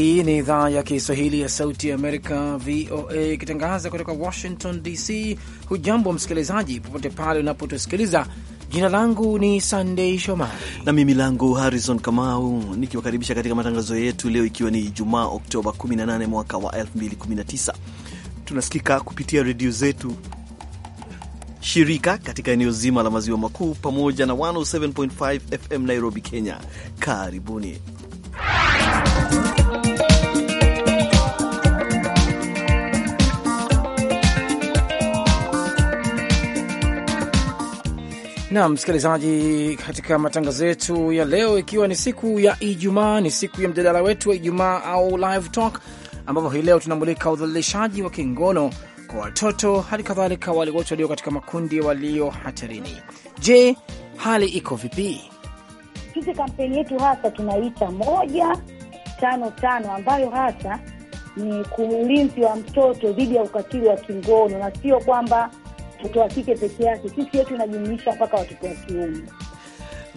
Hii ni idhaa ya Kiswahili ya Sauti ya Amerika, VOA, ikitangaza kutoka Washington DC. Hujambo msikilizaji, popote pale unapotusikiliza. Jina langu ni Sandei Shomari na mimi langu Harrison Kamau, nikiwakaribisha katika matangazo yetu leo, ikiwa ni Ijumaa Oktoba 18 mwaka wa 2019. Tunasikika kupitia redio zetu shirika katika eneo zima la maziwa makuu pamoja na 107.5 FM Nairobi, Kenya. Karibuni. na msikilizaji, katika matangazo yetu ya leo, ikiwa ni siku ya Ijumaa, ni siku ya mjadala wetu wa Ijumaa au live talk, ambapo hii leo tunamulika udhalilishaji wa kingono kwa watoto, hali kadhalika wale wote walio katika makundi walio hatarini. Je, hali iko vipi? Sisi kampeni yetu hasa tunaita moja tano tano, ambayo hasa ni ulinzi wa mtoto dhidi ya ukatili wa kingono, na sio kwamba mtoto wa kike peke yake, sisi yetu inajumuisha mpaka watoto wa kiume.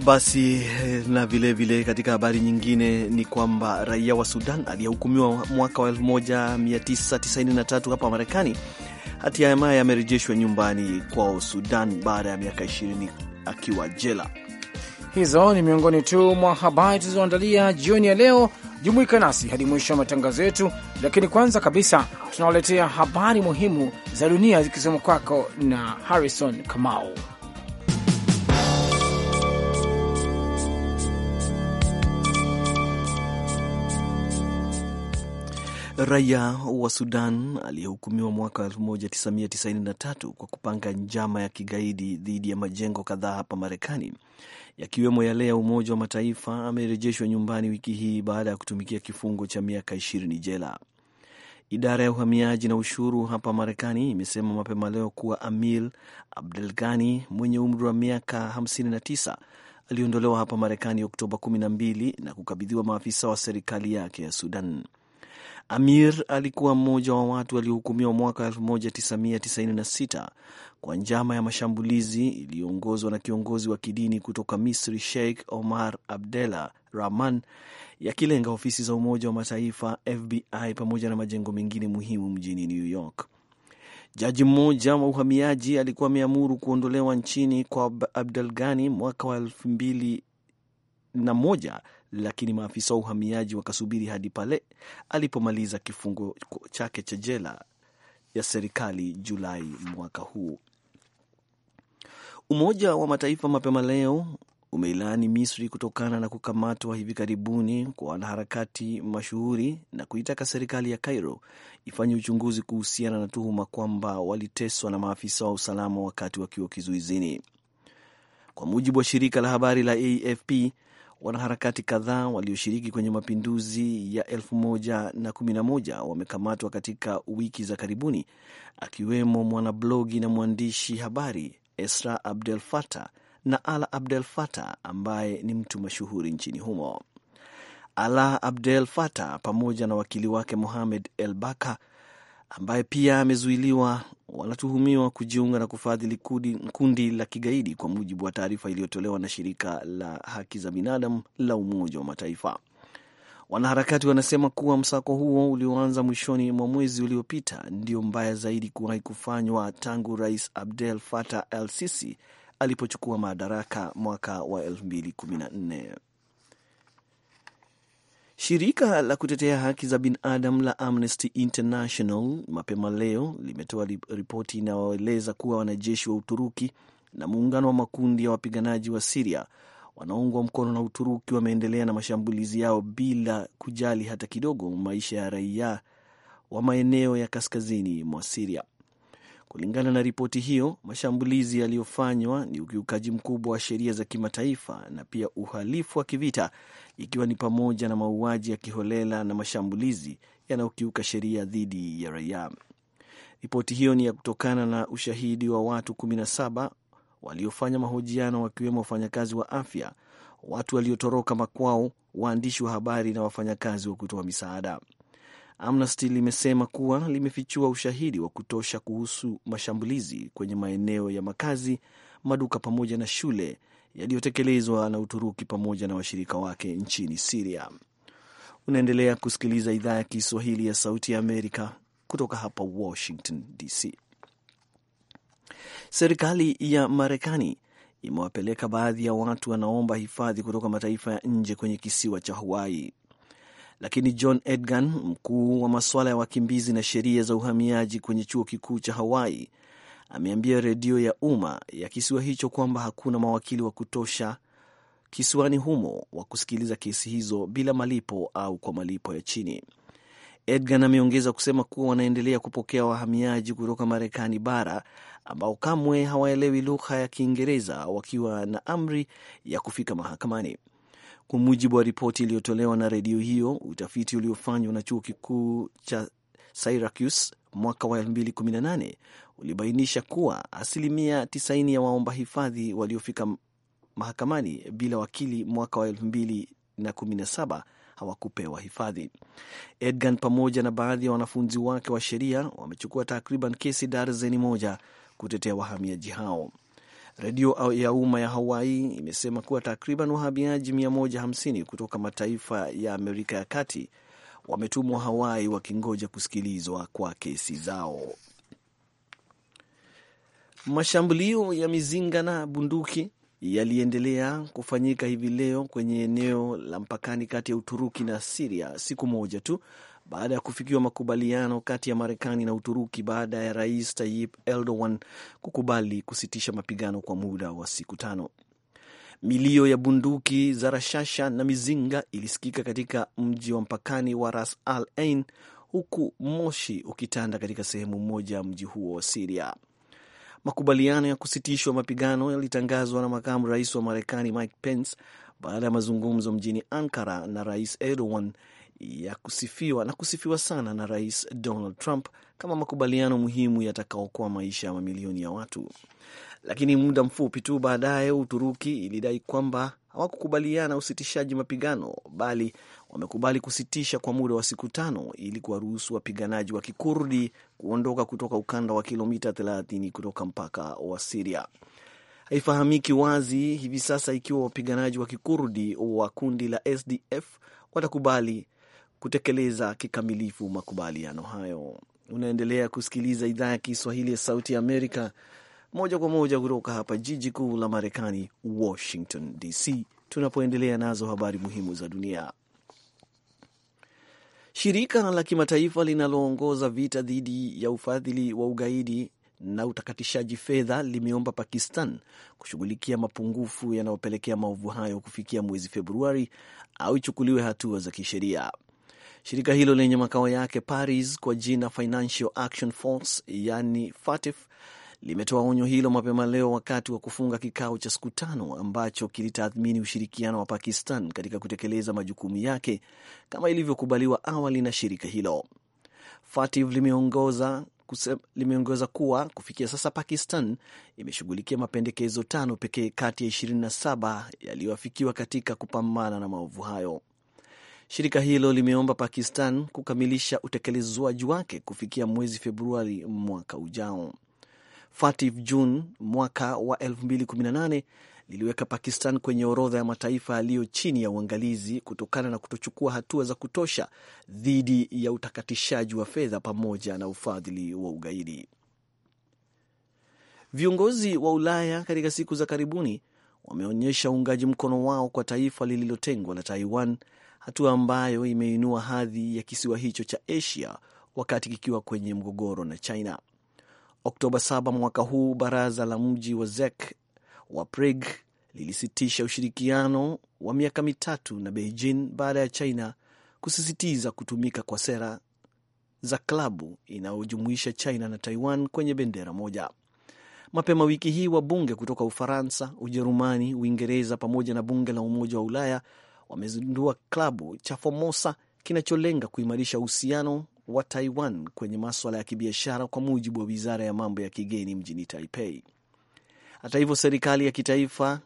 Basi eh, na vilevile vile, katika habari nyingine ni kwamba raia wa Sudan aliyehukumiwa mwaka wa 1993 hapa Marekani hatimaye amerejeshwa nyumbani kwao Sudan baada ya miaka 20 akiwa jela. Hizo ni miongoni tu mwa habari tulizoandalia jioni ya leo. Jumuika nasi hadi mwisho wa matangazo yetu, lakini kwanza kabisa tunawaletea habari muhimu za dunia zikisoma kwako na Harrison Kamau. Raia wa Sudan aliyehukumiwa mwaka 1993 kwa kupanga njama ya kigaidi dhidi ya majengo kadhaa hapa Marekani, yakiwemo yale ya Umoja wa Mataifa, amerejeshwa nyumbani wiki hii baada ya kutumikia kifungo cha miaka 20 jela. Idara ya uhamiaji na ushuru hapa Marekani imesema mapema leo kuwa Amil Ghani mwenye umri wa miaka 59 aliondolewa hapa Marekani Oktoba 12 na kukabidhiwa maafisa wa serikali yake ya Sudan. Amir alikuwa mmoja wa watu waliohukumiwa mwaka 1996 kwa njama ya mashambulizi iliyoongozwa na kiongozi wa kidini kutoka Misri Sheikh Omar Abdella Rahman, yakilenga ofisi za Umoja wa Mataifa, FBI pamoja na majengo mengine muhimu mjini New York. Jaji mmoja wa uhamiaji alikuwa ameamuru kuondolewa nchini kwa Abdelghani mwaka wa elfu mbili na moja lakini maafisa wa uhamiaji wakasubiri hadi pale alipomaliza kifungo chake cha jela ya serikali Julai mwaka huu. Umoja wa Mataifa mapema leo umeilaani Misri kutokana na kukamatwa hivi karibuni kwa wanaharakati mashuhuri na kuitaka serikali ya Cairo ifanye uchunguzi kuhusiana na tuhuma kwamba waliteswa na maafisa wa usalama wakati wakiwa kizuizini. Kwa mujibu wa shirika la habari la AFP, Wanaharakati kadhaa walioshiriki kwenye mapinduzi ya 2011 wamekamatwa katika wiki za karibuni, akiwemo mwanablogi na mwandishi habari Esra Abdel Fattah na Ala Abdel Fattah ambaye ni mtu mashuhuri nchini humo. Ala Abdel Fattah pamoja na wakili wake Mohamed El Baka ambaye pia amezuiliwa, wanatuhumiwa kujiunga na kufadhili kundi la kigaidi, kwa mujibu wa taarifa iliyotolewa na shirika la haki za binadamu la Umoja wa Mataifa. Wanaharakati wanasema kuwa msako huo ulioanza mwishoni mwa mwezi uliopita ndio mbaya zaidi kuwahi kufanywa tangu Rais Abdel Fattah el Sisi alipochukua madaraka mwaka wa 2014. Shirika la kutetea haki za binadamu la Amnesty International mapema leo limetoa ripoti inayoeleza kuwa wanajeshi wa Uturuki na muungano wa makundi ya wapiganaji wa Siria wanaungwa mkono na Uturuki wameendelea na mashambulizi yao bila kujali hata kidogo maisha ya raia wa maeneo ya kaskazini mwa Siria. Kulingana na ripoti hiyo, mashambulizi yaliyofanywa ni ukiukaji mkubwa wa sheria za kimataifa na pia uhalifu wa kivita, ikiwa ni pamoja na mauaji ya kiholela na mashambulizi yanayokiuka sheria dhidi ya raia. Ripoti hiyo ni ya kutokana na ushahidi wa watu 17 waliofanya mahojiano, wakiwemo wafanyakazi wa afya, watu waliotoroka makwao, waandishi wa habari na wafanyakazi wa kutoa misaada. Amnesty limesema kuwa limefichua ushahidi wa kutosha kuhusu mashambulizi kwenye maeneo ya makazi, maduka pamoja na shule yaliyotekelezwa na Uturuki pamoja na washirika wake nchini Siria. Unaendelea kusikiliza idhaa ya Kiswahili ya Sauti ya Amerika kutoka hapa Washington DC. Serikali ya Marekani imewapeleka baadhi ya watu wanaomba hifadhi kutoka mataifa ya nje kwenye kisiwa cha Hawaii, lakini John Edgan, mkuu wa masuala ya wakimbizi na sheria za uhamiaji kwenye chuo kikuu cha Hawaii, ameambia redio ya umma ya kisiwa hicho kwamba hakuna mawakili wa kutosha kisiwani humo wa kusikiliza kesi hizo bila malipo au kwa malipo ya chini. Edgan ameongeza kusema kuwa wanaendelea kupokea wahamiaji kutoka Marekani bara ambao kamwe hawaelewi lugha ya Kiingereza wakiwa na amri ya kufika mahakamani. Kwa mujibu wa ripoti iliyotolewa na redio hiyo, utafiti uliofanywa na chuo kikuu cha Syracuse mwaka wa 2018 ulibainisha kuwa asilimia 90 ya waomba hifadhi waliofika mahakamani bila wakili mwaka wa 2017 hawakupewa hifadhi. Edgan pamoja na baadhi ya wanafunzi wake wa sheria wamechukua takriban kesi darzeni moja kutetea wahamiaji hao. Redio ya umma ya Hawaii imesema kuwa takriban wahamiaji 150 kutoka mataifa ya Amerika ya kati wametumwa Hawaii wakingoja kusikilizwa kwa kesi zao. Mashambulio ya mizinga na bunduki yaliendelea kufanyika hivi leo kwenye eneo la mpakani kati ya Uturuki na Siria siku moja tu baada ya kufikiwa makubaliano kati ya Marekani na Uturuki baada ya Rais Tayyip Erdogan kukubali kusitisha mapigano kwa muda wa siku tano. Milio ya bunduki za rashasha na mizinga ilisikika katika mji wa mpakani wa Ras Al Ain, huku moshi ukitanda katika sehemu moja ya mji huo wa Siria. Makubaliano ya kusitishwa mapigano yalitangazwa na makamu rais wa Marekani Mike Pence baada ya mazungumzo mjini Ankara na Rais Erdogan ya kusifiwa na kusifiwa sana na Rais Donald Trump kama makubaliano muhimu yatakaokoa maisha ya mamilioni ya watu. Lakini muda mfupi tu baadaye Uturuki ilidai kwamba hawakukubaliana usitishaji mapigano, bali wamekubali kusitisha kwa muda wa siku tano ili kuwaruhusu wapiganaji wa kikurdi kuondoka kutoka ukanda wa kilomita 30 kutoka mpaka wa Siria. Haifahamiki wazi hivi sasa ikiwa wapiganaji wa kikurdi wa kundi la SDF watakubali kutekeleza kikamilifu makubaliano hayo. Unaendelea kusikiliza idhaa ya Kiswahili ya Sauti ya Amerika moja kwa moja kutoka hapa jiji kuu la Marekani, Washington DC, tunapoendelea nazo habari muhimu za dunia. Shirika la kimataifa linaloongoza vita dhidi ya ufadhili wa ugaidi na utakatishaji fedha limeomba Pakistan kushughulikia mapungufu yanayopelekea maovu hayo kufikia mwezi Februari au ichukuliwe hatua za kisheria. Shirika hilo lenye makao yake Paris kwa jina Financial Action Force, yani FATF limetoa onyo hilo mapema leo wakati wa kufunga kikao cha siku tano ambacho kilitathmini ushirikiano wa Pakistan katika kutekeleza majukumu yake kama ilivyokubaliwa awali na shirika hilo. Fativ limeongoza limeongeza kuwa kufikia sasa Pakistan imeshughulikia mapendekezo tano pekee kati ya 27 yaliyoafikiwa katika kupambana na maovu hayo. Shirika hilo limeomba Pakistan kukamilisha utekelezwaji wake kufikia mwezi Februari mwaka ujao. Fatif June mwaka wa 2018 liliweka Pakistan kwenye orodha ya mataifa yaliyo chini ya uangalizi kutokana na kutochukua hatua za kutosha dhidi ya utakatishaji wa fedha pamoja na ufadhili wa ugaidi. Viongozi wa Ulaya katika siku za karibuni wameonyesha uungaji mkono wao kwa taifa lililotengwa la Taiwan, hatua ambayo imeinua hadhi ya kisiwa hicho cha Asia wakati kikiwa kwenye mgogoro na China. Oktoba 7 mwaka huu, baraza la mji wa Zek wa Prague lilisitisha ushirikiano wa miaka mitatu na Beijing baada ya China kusisitiza kutumika kwa sera za klabu inayojumuisha China na Taiwan kwenye bendera moja. Mapema wiki hii wabunge kutoka Ufaransa, Ujerumani, Uingereza pamoja na bunge la Umoja wa Ulaya wamezindua klabu cha Formosa kinacholenga kuimarisha uhusiano wa Taiwan kwenye maswala ya kibiashara, kwa mujibu wa wizara ya mambo ya kigeni mjini Taipei. Hata hivyo, serikali ya kitaifa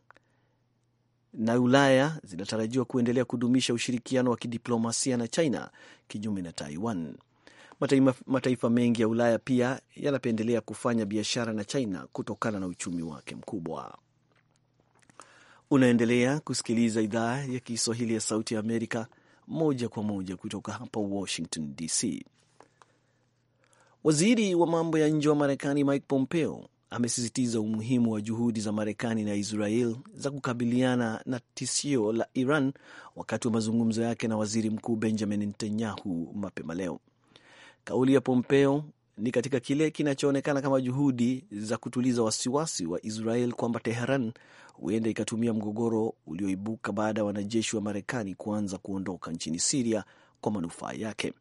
na Ulaya zinatarajiwa kuendelea kudumisha ushirikiano wa kidiplomasia na China kinyume na Taiwan. Mataifa, mengi ya Ulaya pia yanapendelea kufanya biashara na China kutokana na uchumi wake mkubwa. Unaendelea kusikiliza idhaa ya Kiswahili ya Sauti ya Amerika moja kwa moja kutoka hapa Washington DC. Waziri wa mambo ya nje wa Marekani Mike Pompeo amesisitiza umuhimu wa juhudi za Marekani na Israel za kukabiliana na tishio la Iran wakati wa mazungumzo yake na waziri mkuu Benjamin Netanyahu mapema leo. Kauli ya Pompeo ni katika kile kinachoonekana kama juhudi za kutuliza wasiwasi wa Israel kwamba Teheran huenda ikatumia mgogoro ulioibuka baada ya wanajeshi wa Marekani kuanza kuondoka nchini Siria kwa manufaa yake.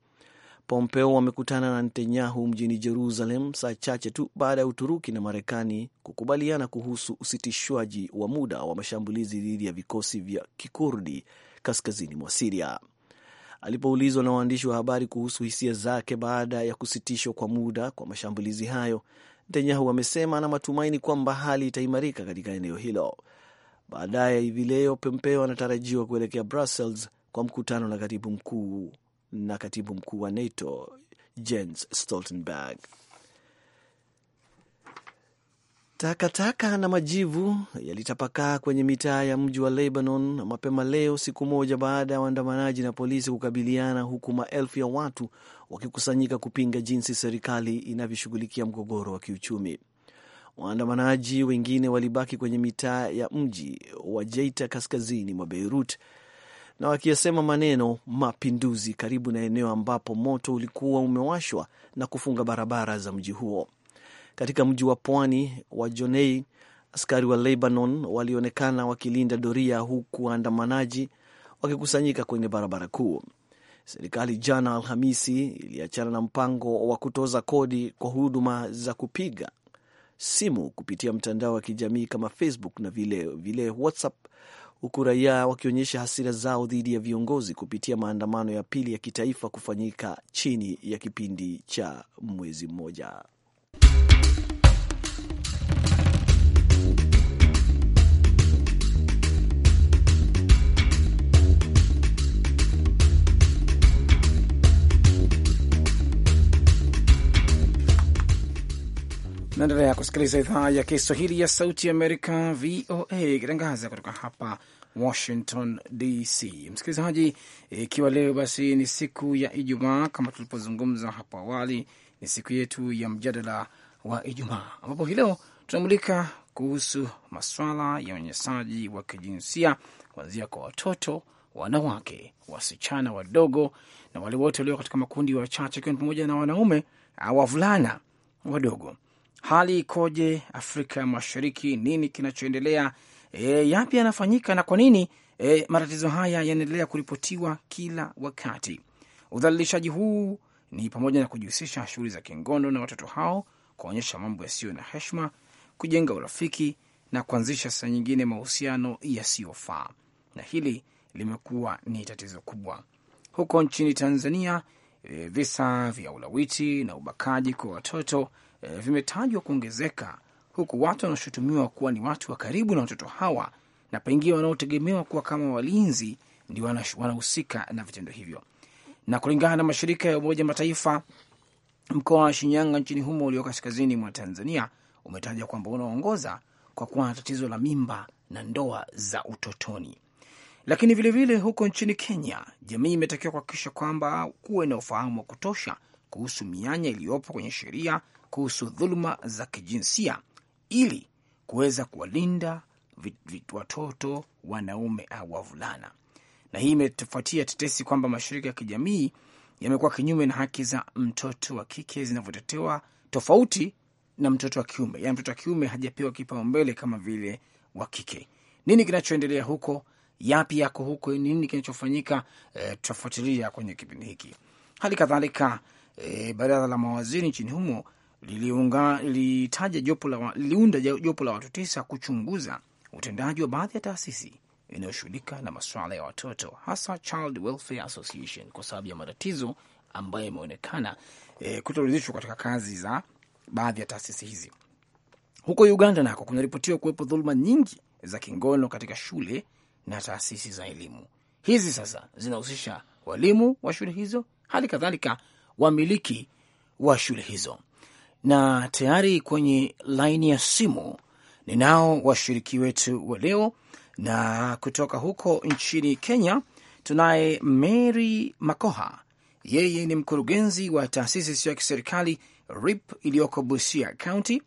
Pompeo wamekutana na Netanyahu mjini Jerusalem saa chache tu baada ya Uturuki na Marekani kukubaliana kuhusu usitishwaji wa muda wa mashambulizi dhidi ya vikosi vya Kikurdi kaskazini mwa Siria. Alipoulizwa na waandishi wa habari kuhusu hisia zake baada ya kusitishwa kwa muda kwa mashambulizi hayo, Netanyahu amesema ana matumaini kwamba hali itaimarika katika eneo hilo. Baadaye hivi leo, Pompeo anatarajiwa kuelekea Brussels kwa mkutano na katibu mkuu na katibu mkuu wa NATO Jens Stoltenberg. Takataka na majivu yalitapakaa kwenye mitaa ya mji wa Lebanon mapema leo, siku moja baada ya waandamanaji na polisi kukabiliana, huku maelfu ya watu wakikusanyika kupinga jinsi serikali inavyoshughulikia mgogoro wa kiuchumi. Waandamanaji wengine walibaki kwenye mitaa ya mji wa Jeita, kaskazini mwa Beirut, na wakiyasema maneno mapinduzi karibu na eneo ambapo moto ulikuwa umewashwa na kufunga barabara za mji huo. Katika mji wa pwani wa Jonei, askari wa Lebanon walionekana wakilinda doria, huku waandamanaji wakikusanyika kwenye barabara kuu. Serikali jana Alhamisi iliachana na mpango wa kutoza kodi kwa huduma za kupiga simu kupitia mtandao wa kijamii kama Facebook na vile vile WhatsApp huku raia wakionyesha hasira zao dhidi ya viongozi kupitia maandamano ya pili ya kitaifa kufanyika chini ya kipindi cha mwezi mmoja. Naendelea kusikiliza idhaa ya Kiswahili ya Sauti ya Amerika, VOA, ikitangaza kutoka hapa Washington DC. Msikilizaji, ikiwa leo basi ni siku ya Ijumaa, kama tulipozungumza hapo awali, ni siku yetu ya mjadala wa Ijumaa, ambapo hii leo tunamulika kuhusu maswala ya unyanyasaji wa kijinsia kuanzia kwa watoto, wanawake, wasichana wadogo na wale wote walio katika makundi wachache, ikiwa ni pamoja na wanaume au wavulana wadogo. Hali ikoje Afrika Mashariki? Nini kinachoendelea e, yapi yanafanyika na kwa nini e, matatizo haya yanaendelea kuripotiwa kila wakati? Udhalilishaji huu ni pamoja na kujihusisha shughuli za kingono na watoto hao, kuonyesha mambo yasiyo na heshima, kujenga urafiki na kuanzisha saa nyingine mahusiano yasiyofaa, na hili limekuwa ni tatizo kubwa huko nchini Tanzania. E, visa vya ulawiti na ubakaji kwa watoto e, vimetajwa kuongezeka huku watu wanaoshutumiwa kuwa ni watu wa karibu na watoto hawa na pengine wanaotegemewa kuwa kama walinzi ndio wanahusika na vitendo hivyo. Na kulingana na mashirika ya Umoja Mataifa, mkoa wa Shinyanga nchini humo ulio kaskazini mwa Tanzania umetaja kwamba unaongoza kwa kuwa na tatizo la mimba na ndoa za utotoni. Lakini vilevile vile huko nchini Kenya, jamii imetakiwa kuhakikisha kwamba kuwe na ufahamu wa kutosha kuhusu mianya iliyopo kwenye sheria kuhusu dhuluma za kijinsia ili kuweza kuwalinda watoto wanaume au wavulana. Na hii imefuatia tetesi kwamba mashirika ya kijamii yamekuwa kinyume na haki za mtoto wa kike zinavyotetewa tofauti na mtoto wa kiume. Yaani mtoto wa kiume hajapewa kipaumbele kama vile wa kike. Nini kinachoendelea huko? Yapi yako huko? Nini kinachofanyika? E, tutafuatilia kwenye kipindi hiki. Hali kadhalika e, baraza la mawaziri nchini humo liliunda jopo la, jopo la watu tisa kuchunguza utendaji wa baadhi ya taasisi inayoshughulika na masuala ya watoto hasa Child Welfare Association kwa sababu ya matatizo ambayo yameonekana e, kutoridhishwa katika kazi za baadhi ya taasisi hizi. Huko Uganda nako kunaripotiwa kuwepo dhuluma nyingi za kingono katika shule na taasisi za elimu. Hizi sasa zinahusisha walimu wa shule hizo, hali kadhalika wamiliki wa shule hizo na tayari kwenye laini ya simu ninao washiriki wetu wa leo, na kutoka huko nchini Kenya tunaye Mary Makoha. Yeye ni mkurugenzi wa taasisi isiyo ya kiserikali RIP iliyoko Busia County.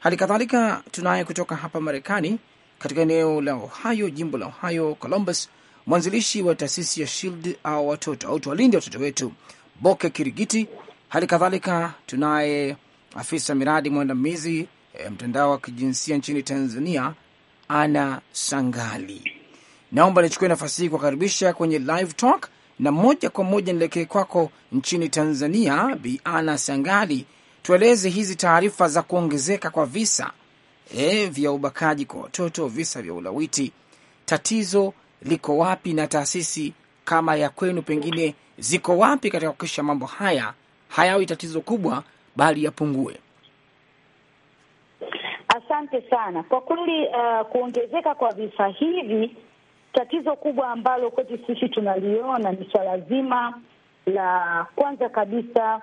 Hali kadhalika tunaye kutoka hapa Marekani, katika eneo la Ohio, jimbo la Ohio, Columbus, mwanzilishi wa taasisi ya Shield au watoto au tuwalinde watoto wetu, Boke Kirigiti. Hali kadhalika tunaye afisa miradi mwandamizi e, mtandao wa kijinsia nchini Tanzania, Ana Sangali. Naomba nichukue nafasi hii kuwakaribisha kwenye live talk, na moja kwa moja nielekee kwako nchini Tanzania. Bi Ana Sangali, tueleze hizi taarifa za kuongezeka kwa visa e, vya ubakaji kwa watoto, visa vya ulawiti, tatizo liko wapi na taasisi kama ya kwenu pengine ziko wapi katika kuhakikisha mambo haya hayawi tatizo kubwa bali yapungue? Asante sana kwa kweli. Uh, kuongezeka kwa visa hivi, tatizo kubwa ambalo kwetu sisi tunaliona ni swala zima la kwanza kabisa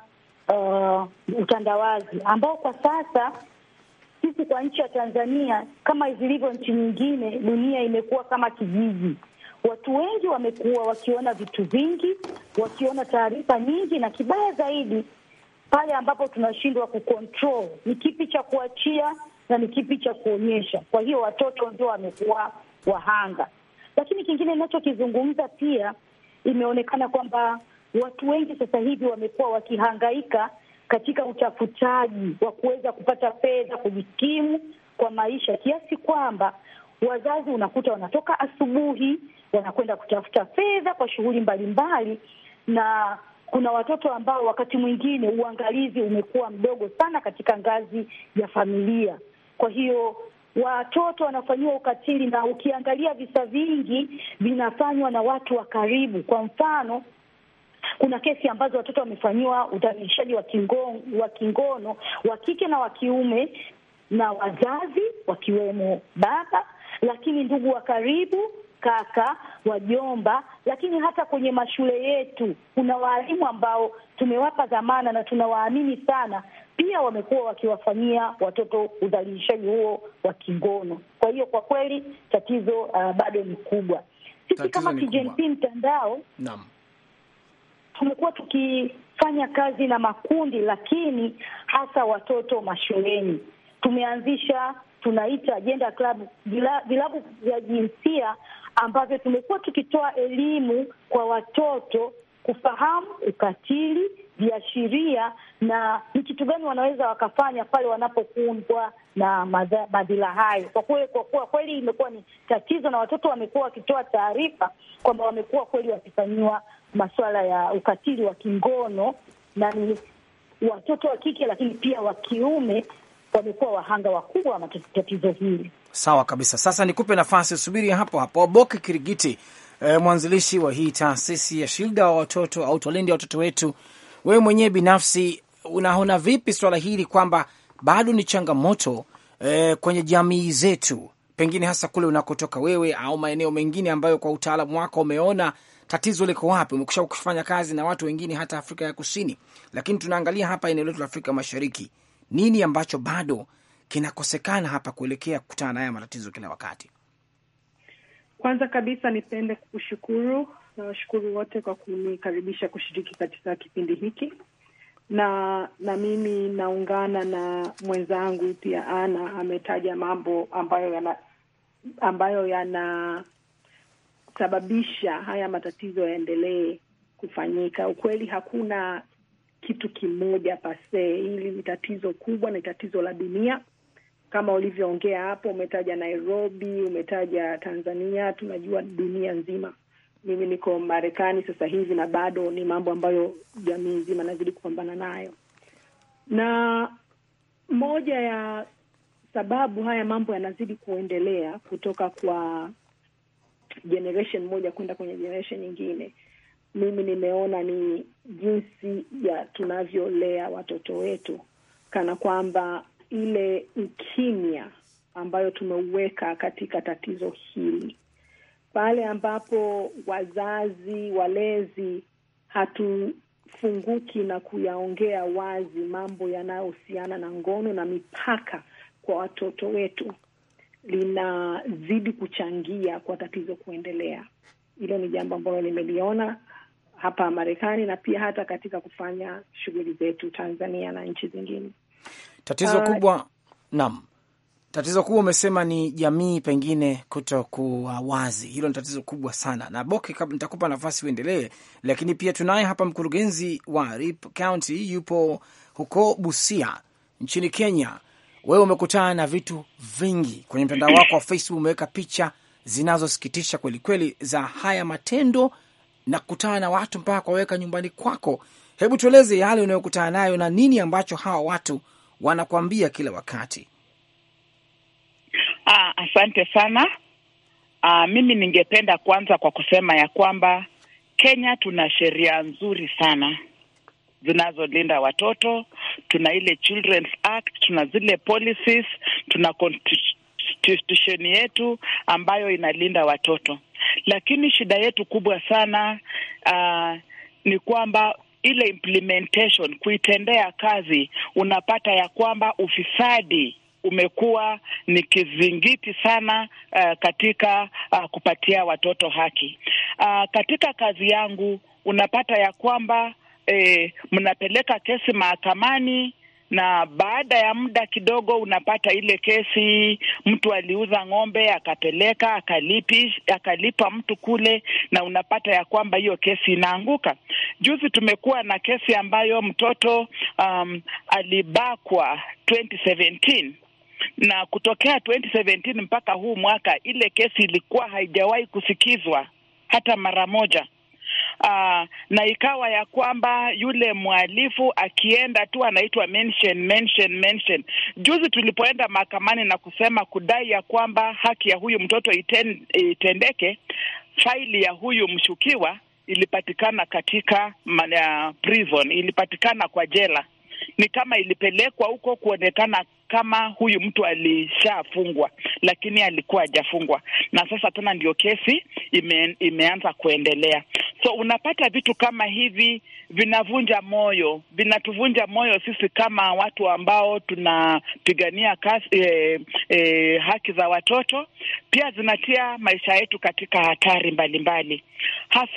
uh, utandawazi ambao kwa sasa sisi kwa nchi ya Tanzania kama zilivyo nchi nyingine, dunia imekuwa kama kijiji. Watu wengi wamekuwa wakiona vitu vingi, wakiona taarifa nyingi, na kibaya zaidi pale ambapo tunashindwa kucontrol ni kipi cha kuachia na ni kipi cha kuonyesha. Kwa hiyo watoto ndio wamekuwa wahanga. Lakini kingine ninachokizungumza pia, imeonekana kwamba watu wengi sasa hivi wamekuwa wakihangaika katika utafutaji wa kuweza kupata fedha kujikimu kwa maisha, kiasi kwamba wazazi unakuta wanatoka asubuhi wanakwenda kutafuta fedha kwa shughuli mbalimbali na kuna watoto ambao wakati mwingine uangalizi umekuwa mdogo sana katika ngazi ya familia. Kwa hiyo watoto wanafanyiwa ukatili, na ukiangalia visa vingi vinafanywa na watu wa karibu. Kwa mfano kuna kesi ambazo watoto wamefanyiwa udhalilishaji wa kingono, wa kingono wa kike na wa kiume na wazazi wakiwemo baba, lakini ndugu wa karibu kaka, wajomba, lakini hata kwenye mashule yetu kuna waalimu ambao tumewapa dhamana na tunawaamini sana, pia wamekuwa wakiwafanyia watoto udhalilishaji huo wa kingono. Kwa hiyo kwa kweli tatizo uh, bado ni kubwa. Sisi kama TGNP mtandao naam, tumekuwa tukifanya kazi na makundi, lakini hasa watoto mashuleni. Tumeanzisha tunaita ajenda Club, vilabu vya jinsia ambavyo tumekuwa tukitoa elimu kwa watoto kufahamu ukatili, viashiria na ni kitu gani wanaweza wakafanya pale wanapokumbwa na madhila hayo. Kwa kweli, kwa kuwa kweli imekuwa ni tatizo, na watoto wamekuwa wakitoa taarifa kwamba wamekuwa kweli wakifanyiwa masuala ya ukatili wa kingono, na ni watoto wa kike, lakini pia wa kiume wamekuwa wahanga wakubwa wa tatizo hili. Sawa kabisa. Sasa nikupe nafasi, subiri hapo hapo. Boke Kirigiti, e, mwanzilishi wa hii taasisi ya Shilda wa watoto au twalindi ya watoto wetu, wewe mwenyewe binafsi unaona vipi swala hili kwamba bado ni changamoto e, kwenye jamii zetu, pengine hasa kule unakotoka wewe au maeneo mengine ambayo kwa utaalamu wako umeona tatizo liko wapi? Umekusha kufanya kazi na watu wengine hata Afrika ya Kusini, lakini tunaangalia hapa eneo letu la Afrika Mashariki, nini ambacho bado kinakosekana hapa kuelekea kukutana na haya matatizo kila wakati? Kwanza kabisa nipende kushukuru na uh, washukuru wote kwa kunikaribisha kushiriki katika kipindi hiki, na na mimi naungana na mwenzangu pia, Ana ametaja mambo ambayo yana ambayo yanasababisha haya matatizo yaendelee kufanyika. Ukweli hakuna kitu kimoja pasee, hili ni tatizo kubwa, ni tatizo la dunia kama ulivyoongea hapo, umetaja Nairobi, umetaja Tanzania, tunajua dunia nzima. Mimi niko Marekani sasa hivi, na bado ni mambo ambayo jamii nzima nazidi kupambana nayo, na moja ya sababu haya mambo yanazidi kuendelea kutoka kwa generation moja kwenda kwenye generation nyingine, mimi nimeona ni jinsi ya tunavyolea watoto wetu, kana kwamba ile ukimya ambayo tumeuweka katika tatizo hili, pale ambapo wazazi walezi hatufunguki na kuyaongea wazi mambo yanayohusiana na ngono na mipaka kwa watoto wetu, linazidi kuchangia kwa tatizo kuendelea. Hilo ni jambo ambalo nimeliona hapa Marekani na pia hata katika kufanya shughuli zetu Tanzania na nchi zingine. Tatizo uh, kubwa nam, tatizo kubwa umesema ni jamii pengine kutokuwa wazi. Hilo ni tatizo kubwa sana, na Boke, nitakupa nafasi uendelee, lakini pia tunaye hapa mkurugenzi wa Rip County, yupo huko Busia nchini Kenya. Wewe umekutana na vitu vingi kwenye mtandao wako wa Facebook, umeweka picha zinazosikitisha kweli kweli za haya matendo na kukutana na watu mpaka kwaweka nyumbani kwako. Hebu tueleze yale unayokutana nayo na nini ambacho hawa watu wanakuambia kila wakati? Ah, asante sana. Ah, mimi ningependa kwanza kwa kusema ya kwamba Kenya tuna sheria nzuri sana zinazolinda watoto. Tuna ile Children's Act, tuna zile policies, tuna constitution yetu ambayo inalinda watoto, lakini shida yetu kubwa sana uh, ni kwamba ile implementation, kuitendea kazi, unapata ya kwamba ufisadi umekuwa ni kizingiti sana uh, katika uh, kupatia watoto haki. Uh, katika kazi yangu unapata ya kwamba eh, mnapeleka kesi mahakamani na baada ya muda kidogo unapata ile kesi, mtu aliuza ng'ombe akapeleka akalipi, akalipa mtu kule, na unapata ya kwamba hiyo kesi inaanguka. Juzi tumekuwa na kesi ambayo mtoto um, alibakwa 2017 na kutokea 2017 mpaka huu mwaka ile kesi ilikuwa haijawahi kusikizwa hata mara moja uh, na ikawa ya kwamba yule mwalifu akienda tu anaitwa mention, mention, mention. Juzi tulipoenda mahakamani na kusema kudai ya kwamba haki ya huyu mtoto iten, itendeke, faili ya huyu mshukiwa ilipatikana katika man, uh, prison ilipatikana kwa jela, ni kama ilipelekwa huko kuonekana kama huyu mtu alishafungwa, lakini alikuwa hajafungwa, na sasa tena ndio kesi ime, imeanza kuendelea. So unapata vitu kama hivi vinavunja moyo, vinatuvunja moyo sisi kama watu ambao tunapigania eh, eh, haki za watoto. Pia zinatia maisha yetu katika hatari mbalimbali mbali.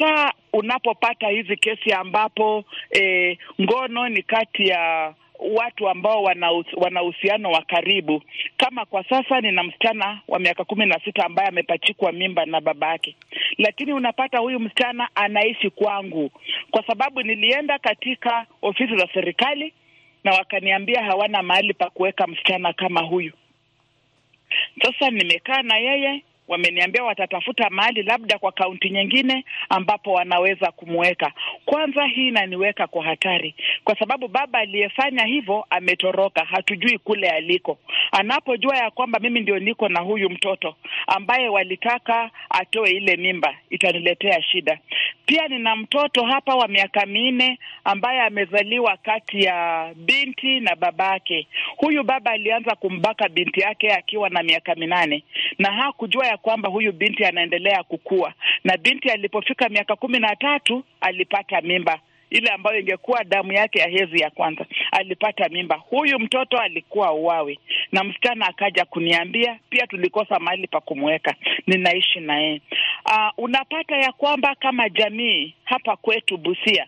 hasa unapopata hizi kesi ambapo eh, ngono ni kati ya watu ambao wana uhusiano wa karibu. Kama kwa sasa nina msichana wa miaka kumi na sita ambaye amepachikwa mimba na baba yake, lakini unapata huyu msichana anaishi kwangu kwa sababu nilienda katika ofisi za serikali na wakaniambia hawana mahali pa kuweka msichana kama huyu. Sasa nimekaa na yeye wameniambia watatafuta mahali labda kwa kaunti nyingine ambapo wanaweza kumweka. Kwanza hii inaniweka kwa hatari, kwa sababu baba aliyefanya hivyo ametoroka, hatujui kule aliko. Anapojua ya kwamba mimi ndio niko na huyu mtoto ambaye walitaka atoe ile mimba, itaniletea shida. Pia nina mtoto hapa wa miaka minne ambaye amezaliwa kati ya binti na babake. Huyu baba alianza kumbaka binti yake akiwa na miaka minane na hakujua ya kwamba huyu binti anaendelea kukua, na binti alipofika miaka kumi na tatu alipata mimba ile ambayo ingekuwa damu yake ya hezi ya kwanza. Alipata mimba, huyu mtoto alikuwa uwawi, na msichana akaja kuniambia pia, tulikosa mahali pa kumweka, ninaishi naye. Uh, ah, unapata ya kwamba kama jamii hapa kwetu Busia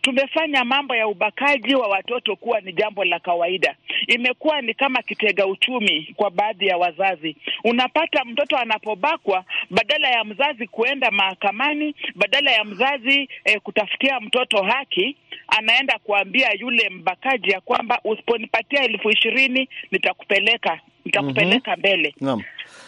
Tumefanya mambo ya ubakaji wa watoto kuwa ni jambo la kawaida. Imekuwa ni kama kitega uchumi kwa baadhi ya wazazi. Unapata mtoto anapobakwa, badala ya mzazi kuenda mahakamani, badala ya mzazi eh, kutafutia mtoto haki, anaenda kuambia yule mbakaji ya kwamba usiponipatia elfu ishirini nitakupeleka nitakupeleka mm -hmm. mbele no.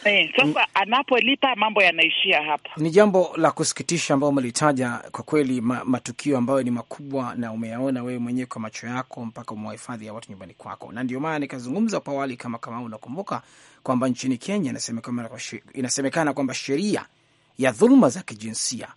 E, anapolipa mambo yanaishia hapa. Ni jambo la kusikitisha ambayo umelitaja kwa kweli, ma, matukio ambayo ni makubwa na umeyaona wewe mwenyewe kwa macho yako mpaka umewahifadhi ya watu nyumbani kwako, na ndio maana nikazungumza kwa awali, kama kama unakumbuka kwamba nchini Kenya inasemekana kwamba sheria ya dhuluma za kijinsia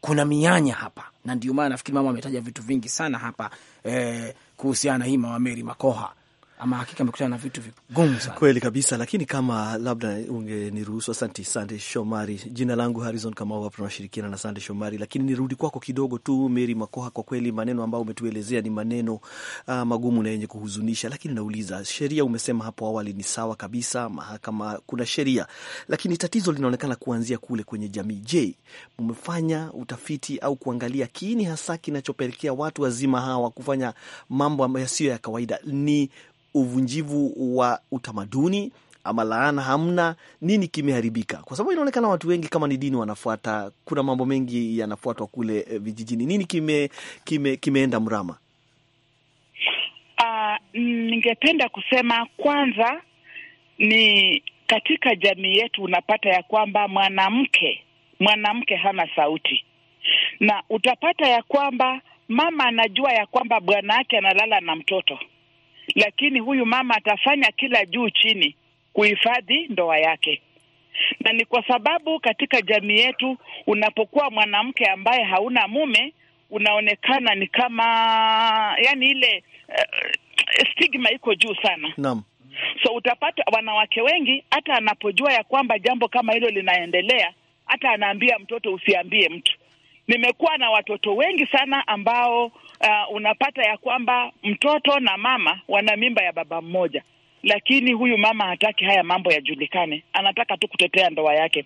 kuna mianya hapa, na ndio maana nafikiri mama ametaja vitu vingi sana hapa eh, kuhusiana na hii Mama Mary Makoha ama hakika amekutana na vitu vigumu sana kweli kabisa. Lakini kama labda ungeniruhusu, asante Sande Shomari. Jina langu Harizon Kamau, hapa tunashirikiana na Sande Shomari, lakini nirudi kwako kidogo tu, Meri Makoha. Kwa kweli maneno ambayo umetuelezea ni maneno uh, magumu na yenye kuhuzunisha, lakini nauliza, sheria umesema hapo awali ni sawa kabisa, mahakama kuna sheria, lakini tatizo linaonekana kuanzia kule kwenye jamii. Je, umefanya utafiti au kuangalia kiini hasa kinachopelekea watu wazima hawa kufanya mambo yasiyo ya kawaida? Ni uvunjivu wa utamaduni ama laana hamna? Nini kimeharibika? Kwa sababu inaonekana watu wengi kama ni dini wanafuata, kuna mambo mengi yanafuatwa kule eh, vijijini. Nini kime, kime, kimeenda mrama? Uh, ningependa kusema kwanza ni katika jamii yetu unapata ya kwamba mwanamke mwanamke hana sauti, na utapata ya kwamba mama anajua ya kwamba bwana wake analala na mtoto lakini huyu mama atafanya kila juu chini kuhifadhi ndoa yake, na ni kwa sababu katika jamii yetu unapokuwa mwanamke ambaye hauna mume unaonekana ni kama yani ile uh, stigma iko juu sana. Naam. So utapata wanawake wengi hata anapojua ya kwamba jambo kama hilo linaendelea, hata anaambia mtoto usiambie mtu. Nimekuwa na watoto wengi sana ambao uh, unapata ya kwamba mtoto na mama wana mimba ya baba mmoja lakini huyu mama hataki haya mambo yajulikane, anataka tu kutetea ndoa yake.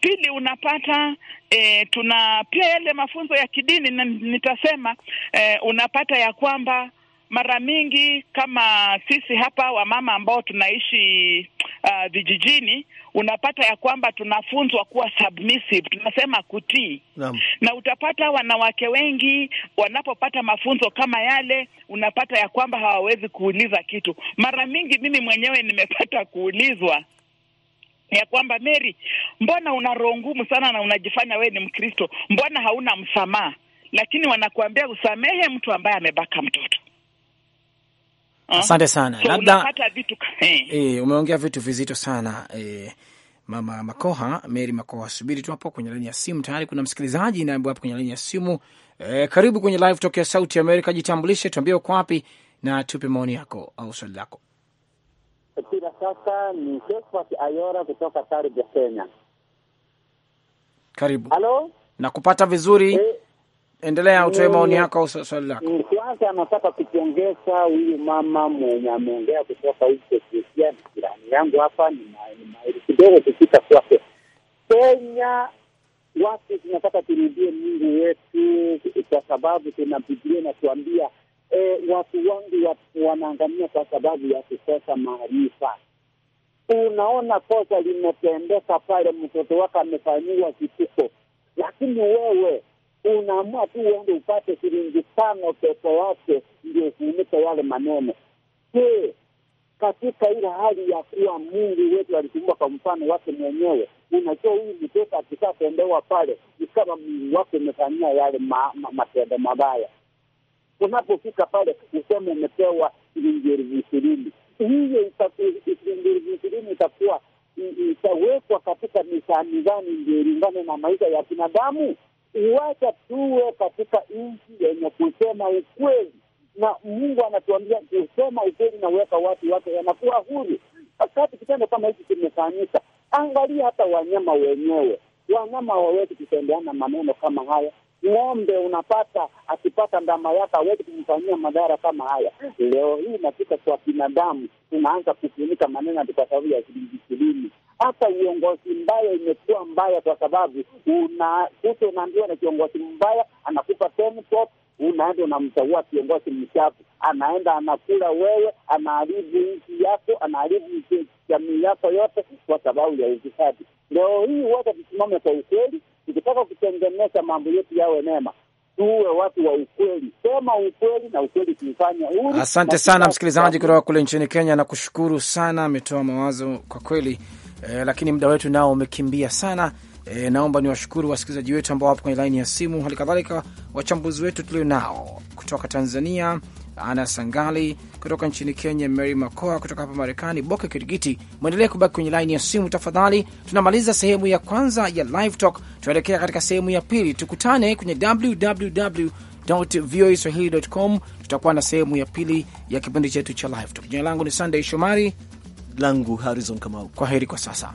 Pili, unapata e, tuna pia yale mafunzo ya kidini nitasema e, unapata ya kwamba mara mingi kama sisi hapa wamama ambao tunaishi uh, vijijini, unapata ya kwamba tunafunzwa kuwa submissive, tunasema kutii Naam. Na utapata wanawake wengi wanapopata mafunzo kama yale, unapata ya kwamba hawawezi kuuliza kitu. Mara mingi mimi mwenyewe nimepata kuulizwa ya kwamba Mary, mbona una roho ngumu sana na unajifanya wewe ni Mkristo, mbona hauna msamaha? Lakini wanakuambia usamehe mtu ambaye amebaka mtoto Ah. Asante sana so, labda vitu e, umeongea vitu vizito sana e, mama Makoha, Mary Makoha. Subiri tu hapo kwenye laini ya simu, tayari kuna msikilizaji naambiwa hapo kwenye laini ya simu. E, karibu kwenye live ya Sauti Amerika. Jitambulishe, tuambie uko wapi na tupe maoni yako au swali lako. Bila sasa ni Josephat Ayora kutoka Tarib Kenya. Karibu. Halo, nakupata vizuri e endelea eh, utoe maoni yako au swali lako. Eh, kwanza anataka kukiongeza huyu mama mwenye ameongea kutoka huko Ethiopia, ni jirani yangu hapa, ni maili kidogo kupita kwake. Kenya watu tunataka turudie Mungu wetu, kwa sababu tuna Biblia inatuambia e, watu wangu wanaangamia kwa sababu ya kukosa maarifa. Unaona kosa limetendeka pale, mtoto wake amefanyiwa kituko, lakini wewe unaamua tu uende upate shilingi tano peke yake ndio ufunike yale maneno. Je, katika ile hali ya kuwa Mungu wetu alituumba kwa mfano wake mwenyewe, unajua huyu mtoto akishatendewa pale ni kama Mungu wake umefanyia yale ma, ma, matendo mabaya. Unapofika pale useme umepewa shilingi elfu ishirini hiyo shilingi elfu ishirini itakuwa itawekwa katika mizani gani ndio ilingane na maisha ya binadamu? Wacha tuwe katika nchi yenye kusema ukweli, na Mungu anatuambia kusema ukweli na weka watu wake wanakuwa huru. Wakati kitendo kama hiki kimefanyika, angalia hata wanyama wenyewe, wanyama wawezi kutendeana maneno kama haya ng'ombe unapata akipata ndama yake awezi kumfanyia madhara kama haya. Leo hii nafika kwa binadamu, tunaanza kufunika maneno kwa sababu ya shilingi ishirini. Hata uongozi mbaya imekuwa mbaya, kwa sababu unakuta unaambiwa na kiongozi mbaya anakupa unaenda unamchagua kiongozi mchafu, anaenda anakula wewe, anaharibu nchi yako, anaharibu jamii yako yote kwa sababu ya ufisadi. Leo hii wote tusimame kwa ukweli. Tukitaka kutengeneza mambo yetu yawe mema, tuwe watu wa ukweli. Sema ukweli na ukweli tuifanye huru. Asante sana msikilizaji kutoka kule nchini Kenya, nakushukuru sana, ametoa mawazo kwa kweli eh, lakini muda wetu nao umekimbia sana. E, naomba niwashukuru wasikilizaji wetu ambao wapo kwenye laini ya simu, hali kadhalika wachambuzi wetu tulio nao kutoka Tanzania ana Sangali kutoka nchini Kenya, Mary Makoa kutoka hapa Marekani, Boke Kirigiti. Mwendelee kubaki kwenye laini ya simu tafadhali. Tunamaliza sehemu ya kwanza ya Live Talk, tunaelekea katika sehemu ya pili. Tukutane kwenye www voa swahili.com. Tutakuwa na sehemu ya pili ya kipindi chetu cha Live Talk. Jina langu ni sandey Shomari, langu Harizon Kamau. Kwa heri kwa sasa.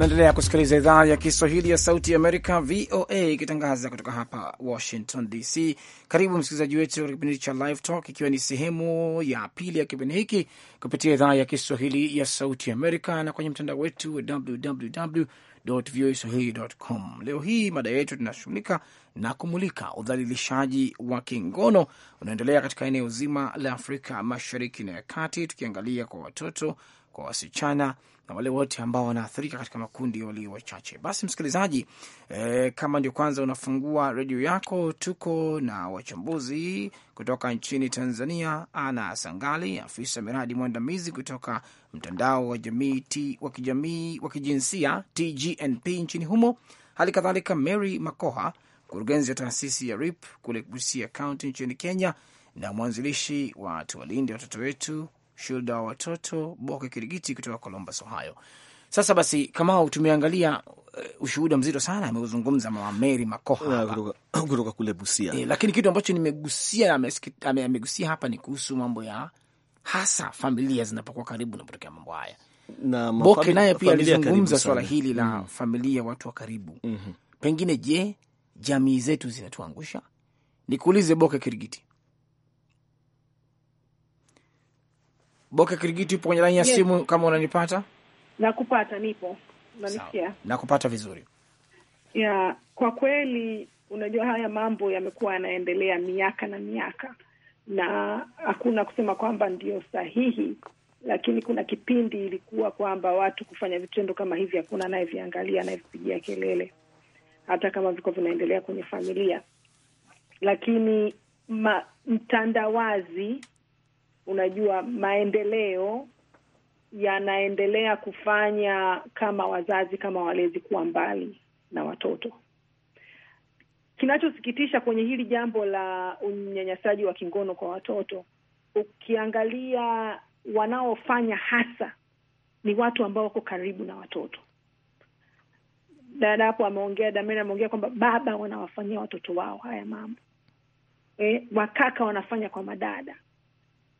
Naendelea kusikiliza idhaa ya Kiswahili ya Sauti Amerika, VOA, ikitangaza kutoka hapa Washington DC. Karibu msikilizaji wetu katika kipindi cha Live Talk, ikiwa ni sehemu ya pili ya kipindi hiki kupitia idhaa ya Kiswahili ya Sauti Amerika na kwenye mtandao wetu wa www voa Leo hii mada yetu tunashughulika na kumulika udhalilishaji wa kingono unaendelea katika eneo zima la Afrika Mashariki na ya Kati, tukiangalia kwa watoto, kwa wasichana na wale wote ambao wanaathirika katika makundi walio wachache. Basi msikilizaji, e, kama ndio kwanza unafungua redio yako, tuko na wachambuzi kutoka nchini Tanzania, Ana Sangali, afisa miradi mwandamizi kutoka mtandao wa jamii ti, wa kijamii wa kijinsia TGNP nchini humo, hali kadhalika Mary Makoha, mkurugenzi wa taasisi ya RIP kule Busia County nchini Kenya na mwanzilishi wa tuwalinde watoto wetu Shulda wa watoto Boke Kirigiti kutoka Columbus, Ohio. Sasa basi, Kamau, tumeangalia uh, ushuhuda mzito sana ameuzungumza Mama Meri Makoha kutoka kule Busia e, lakini kitu ambacho nimegusia amegusia hapa ni kuhusu mambo ya hasa familia zinapokuwa karibu napotokea mambo haya na Boke naye pia alizungumza swala hili la mm familia, watu wa karibu mm -hmm. Pengine je, jamii zetu zinatuangusha? Nikuulize Boke Kirigiti, Boka Kirigiti, upo kwenye laini ya yes, simu kama unanipata? Nakupata, nipo unanisikia? Nakupata vizuri ya, kwa kweli unajua haya mambo yamekuwa yanaendelea miaka na miaka, na hakuna kusema kwamba ndiyo sahihi, lakini kuna kipindi ilikuwa kwamba watu kufanya vitendo kama hivi hakuna anayeviangalia, anayevipigia kelele, hata kama viko vinaendelea kwenye familia, lakini ma, mtandawazi unajua maendeleo yanaendelea kufanya kama wazazi kama walezi kuwa mbali na watoto. Kinachosikitisha kwenye hili jambo la unyanyasaji wa kingono kwa watoto, ukiangalia wanaofanya hasa ni watu ambao wako karibu na watoto. Dada hapo ameongea, Damena ameongea kwamba baba wanawafanyia watoto wao haya mambo e, wakaka wanafanya kwa madada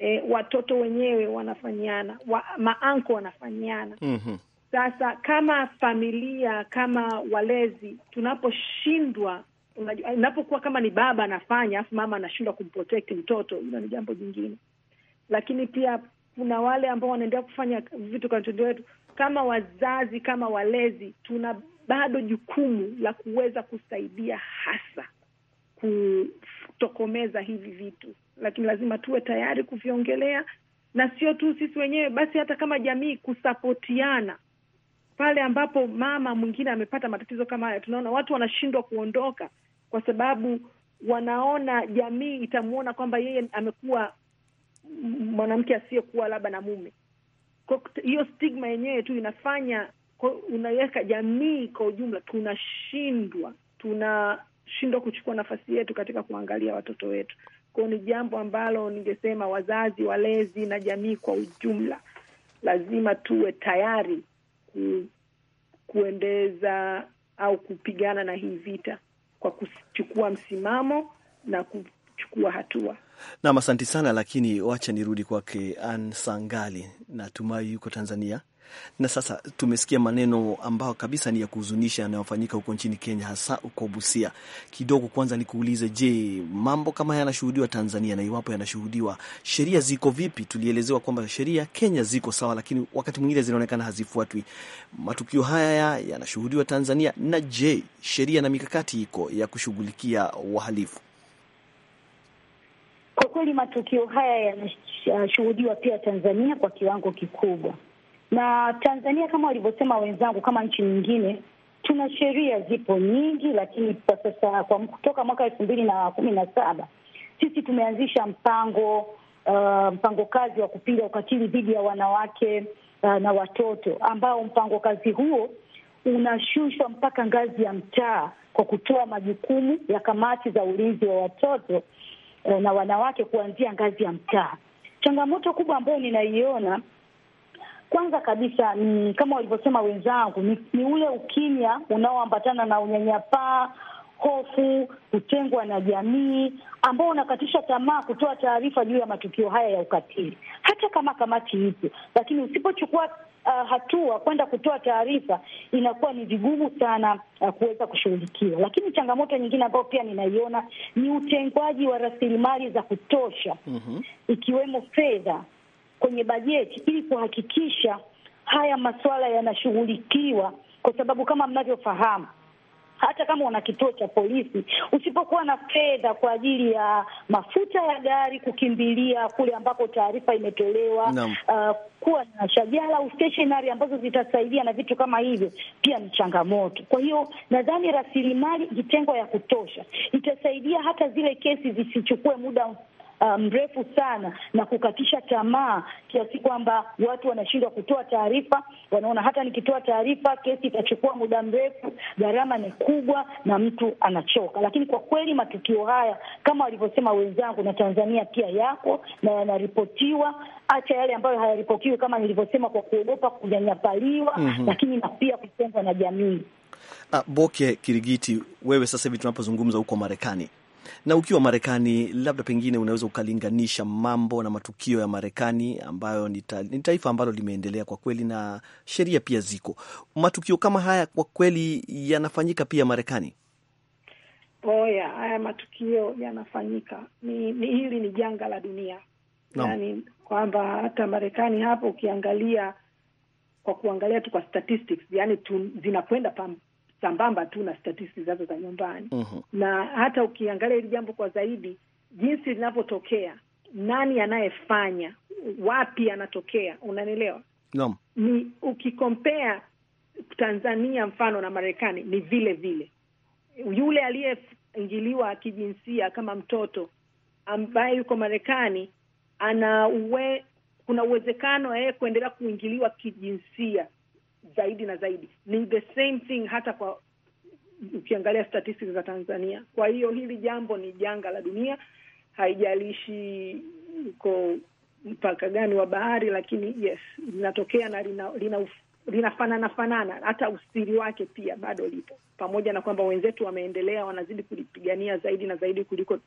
e, watoto wenyewe wanafanyiana wa, maanko wanafanyiana mm -hmm. Sasa kama familia kama walezi tunaposhindwa inapokuwa kama ni baba anafanya afu mama anashindwa kumprotect mtoto, hilo ni jambo jingine. Lakini pia kuna wale ambao wanaendelea kufanya vitu kwa mtoto wetu. Kama wazazi kama walezi, tuna bado jukumu la kuweza kusaidia hasa kutokomeza hivi vitu lakini lazima tuwe tayari kuviongelea, na sio tu sisi wenyewe basi, hata kama jamii kusapotiana pale ambapo mama mwingine amepata matatizo kama haya. Tunaona watu wanashindwa kuondoka kwa sababu wanaona jamii itamwona kwamba yeye amekuwa mwanamke asiyekuwa labda na mume. Hiyo stigma yenyewe tu inafanya unaweka jamii kwa ujumla, tunashindwa tunashindwa kuchukua nafasi yetu katika kuangalia watoto wetu kwao ni jambo ambalo ningesema wazazi, walezi na jamii kwa ujumla lazima tuwe tayari ku, kuendeza au kupigana na hii vita kwa kuchukua msimamo na kuchukua hatua. Nam, asanti sana. Lakini wacha nirudi kwake Ann Sangali, natumai yuko Tanzania. Na sasa tumesikia maneno ambayo kabisa ni ya kuhuzunisha yanayofanyika huko nchini Kenya, hasa huko Busia. Kidogo kwanza nikuulize, je, mambo kama haya yanashuhudiwa Tanzania? Na iwapo yanashuhudiwa, sheria ziko vipi? Tulielezewa kwamba sheria Kenya ziko sawa, lakini wakati mwingine zinaonekana hazifuatwi. Matukio haya yanashuhudiwa Tanzania, na je, sheria na mikakati iko ya kushughulikia wahalifu? Kwa kweli matukio haya yanashuhudiwa pia Tanzania kwa kiwango kikubwa na Tanzania kama walivyosema wenzangu, kama nchi nyingine tuna sheria zipo nyingi, lakini kwa sasa kwa kutoka mwaka elfu mbili na kumi na saba sisi tumeanzisha mpango uh, mpango kazi wa kupinga ukatili dhidi ya wanawake uh, na watoto ambao mpango kazi huo unashushwa mpaka ngazi ya mtaa kwa kutoa majukumu ya kamati za ulinzi wa watoto uh, na wanawake kuanzia ngazi ya mtaa. Changamoto kubwa ambayo ninaiona kwanza kabisa ni kama walivyosema wenzangu, ni, ni ule ukimya unaoambatana na unyanyapaa, hofu, kutengwa na jamii ambao unakatisha tamaa kutoa taarifa juu ya matukio haya ya ukatili, hata kama kamati ipo, lakini usipochukua uh, hatua kwenda kutoa taarifa inakuwa ni vigumu sana uh, kuweza kushughulikiwa. Lakini changamoto nyingine ambayo pia ninaiona ni utengwaji wa rasilimali za kutosha, mm -hmm. ikiwemo fedha kwenye bajeti ili kuhakikisha haya masuala yanashughulikiwa, kwa sababu kama mnavyofahamu hata kama una kituo cha polisi, usipokuwa na fedha kwa ajili ya mafuta ya gari kukimbilia kule ambako taarifa imetolewa no. Uh, kuwa na shajala au stationary ambazo zitasaidia na vitu kama hivyo pia ni changamoto. Kwa hiyo nadhani rasilimali jitengo ya kutosha itasaidia hata zile kesi zisichukue muda Um, mrefu um, sana na kukatisha tamaa kiasi kwamba watu wanashindwa kutoa taarifa. Wanaona hata nikitoa taarifa kesi itachukua muda mrefu, gharama ni kubwa, na mtu anachoka. Lakini kwa kweli matukio haya kama walivyosema wenzangu, na Tanzania pia yako na yanaripotiwa, hacha yale ambayo hayaripotiwi kama nilivyosema, kwa kuogopa kunyanyapaliwa, mm -hmm. lakini na pia kutengwa na jamii. Ah, Boke Kirigiti, wewe sasa hivi tunapozungumza huko Marekani na ukiwa Marekani, labda pengine unaweza ukalinganisha mambo na matukio ya Marekani ambayo ni taifa ambalo limeendelea kwa kweli, na sheria pia ziko. Matukio kama haya kwa kweli yanafanyika pia Marekani? Oh ya, haya matukio yanafanyika. Ni, ni hili ni janga la dunia no. Yani kwamba hata Marekani hapo ukiangalia kwa kuangalia tu kwa statistics, yani tu, zinakwenda sambamba tu na statistics zazo za nyumbani uh mhm. -huh. Na hata ukiangalia hili jambo kwa zaidi, jinsi linavyotokea, nani anayefanya, wapi anatokea, unanielewa? Naam, ni ukikompea Tanzania mfano na Marekani ni vile vile, yule aliyeingiliwa kijinsia kama mtoto ambaye yuko Marekani ana uwe, kuna uwezekano yeye kuendelea kuingiliwa kijinsia zaidi na zaidi. Ni the same thing hata kwa ukiangalia statistics za Tanzania. Kwa hiyo hili jambo ni janga la dunia, haijalishi uko mpaka gani wa bahari, lakini yes, linatokea na lina, lina linafanana fanana, hata usiri wake pia bado lipo, pamoja na kwamba wenzetu wameendelea, wanazidi kulipigania zaidi na zaidi kuliko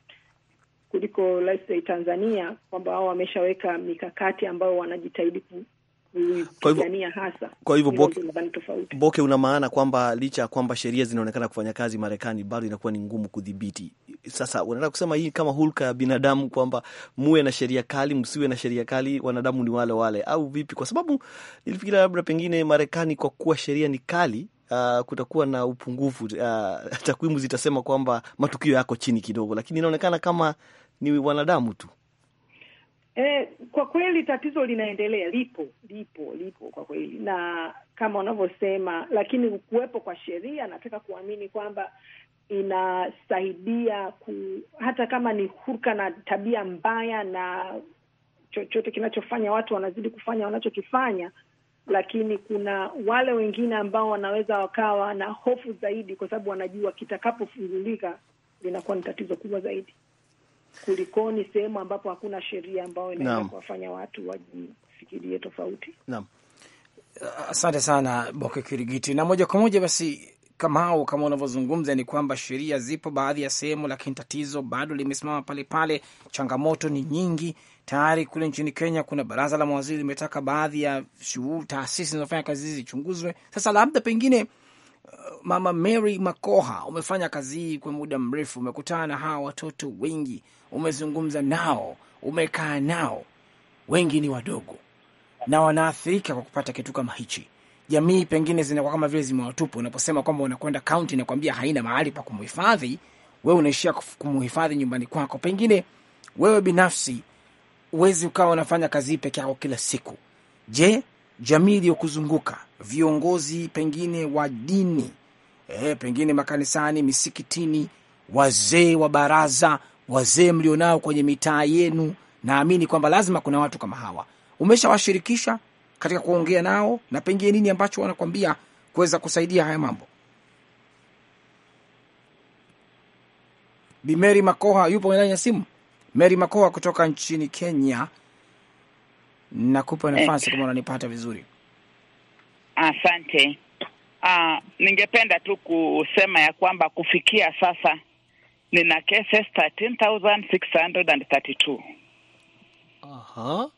kuliko let's say Tanzania, kwamba wao wameshaweka mikakati ambayo wanajitahidi kuipigania hasa. Kwa hivyo Boke, Boke, una maana kwamba licha ya kwamba sheria zinaonekana kufanya kazi Marekani, bado inakuwa ni ngumu kudhibiti. Sasa unataka kusema hii kama hulka ya binadamu kwamba muwe na sheria kali, msiwe na sheria kali, wanadamu ni wale wale au vipi? Kwa sababu nilifikiria labda pengine Marekani kwa kuwa sheria ni kali Uh, kutakuwa na upungufu uh, takwimu zitasema kwamba matukio yako chini kidogo, lakini inaonekana kama ni wanadamu tu. E, kwa kweli tatizo linaendelea, lipo lipo lipo kwa kweli, na kama wanavyosema, lakini kuwepo kwa sheria, nataka kuamini kwamba inasaidia ku, hata kama ni hurka na tabia mbaya na chochote kinachofanya watu wanazidi kufanya wanachokifanya, lakini kuna wale wengine ambao wanaweza wakawa na hofu zaidi, kwa sababu wanajua kitakapofungulika linakuwa ni tatizo kubwa zaidi kulikoni sehemu ambapo hakuna sheria ambayo inaweza kuwafanya watu wajifikirie tofauti. Naam, asante sana Boke Kirigiti. Na moja kwa moja basi, kama hao kama unavyozungumza ni kwamba sheria zipo baadhi ya sehemu, lakini tatizo bado limesimama pale pale, changamoto ni nyingi. Tayari kule nchini Kenya kuna baraza la mawaziri limetaka baadhi ya shughuli, taasisi zinazofanya kazi hizi zichunguzwe. Sasa labda pengine uh, Mama Mary Makoha, umefanya kazi hii kwa muda mrefu, umekutana na hawa watoto wengi, umezungumza nao, umekaa nao, wengi ni wadogo na wanaathirika kwa kupata kitu kama hichi. Jamii pengine zinakuwa kama vile zimewatupa. Unaposema kwamba unakwenda kaunti inakwambia haina mahali pa kumhifadhi, wewe unaishia kumhifadhi nyumbani kwako. Pengine wewe binafsi uwezi ukawa unafanya kazi hii peke yako kila siku. Je, jamii iliyokuzunguka, viongozi pengine wa dini e, pengine makanisani, misikitini, wazee wa baraza wazee mlionao kwenye mitaa yenu, naamini kwamba lazima kuna watu kama hawa. Umeshawashirikisha katika kuongea nao, na pengine nini ambacho wanakwambia kuweza kusaidia haya mambo? Bi Mary Makoha yupo ndani ya simu. Mary Makoha kutoka nchini Kenya, nakupa nafasi kama unanipata vizuri. Asante. Uh, ningependa tu kusema ya kwamba kufikia sasa nina cases 13632 aha,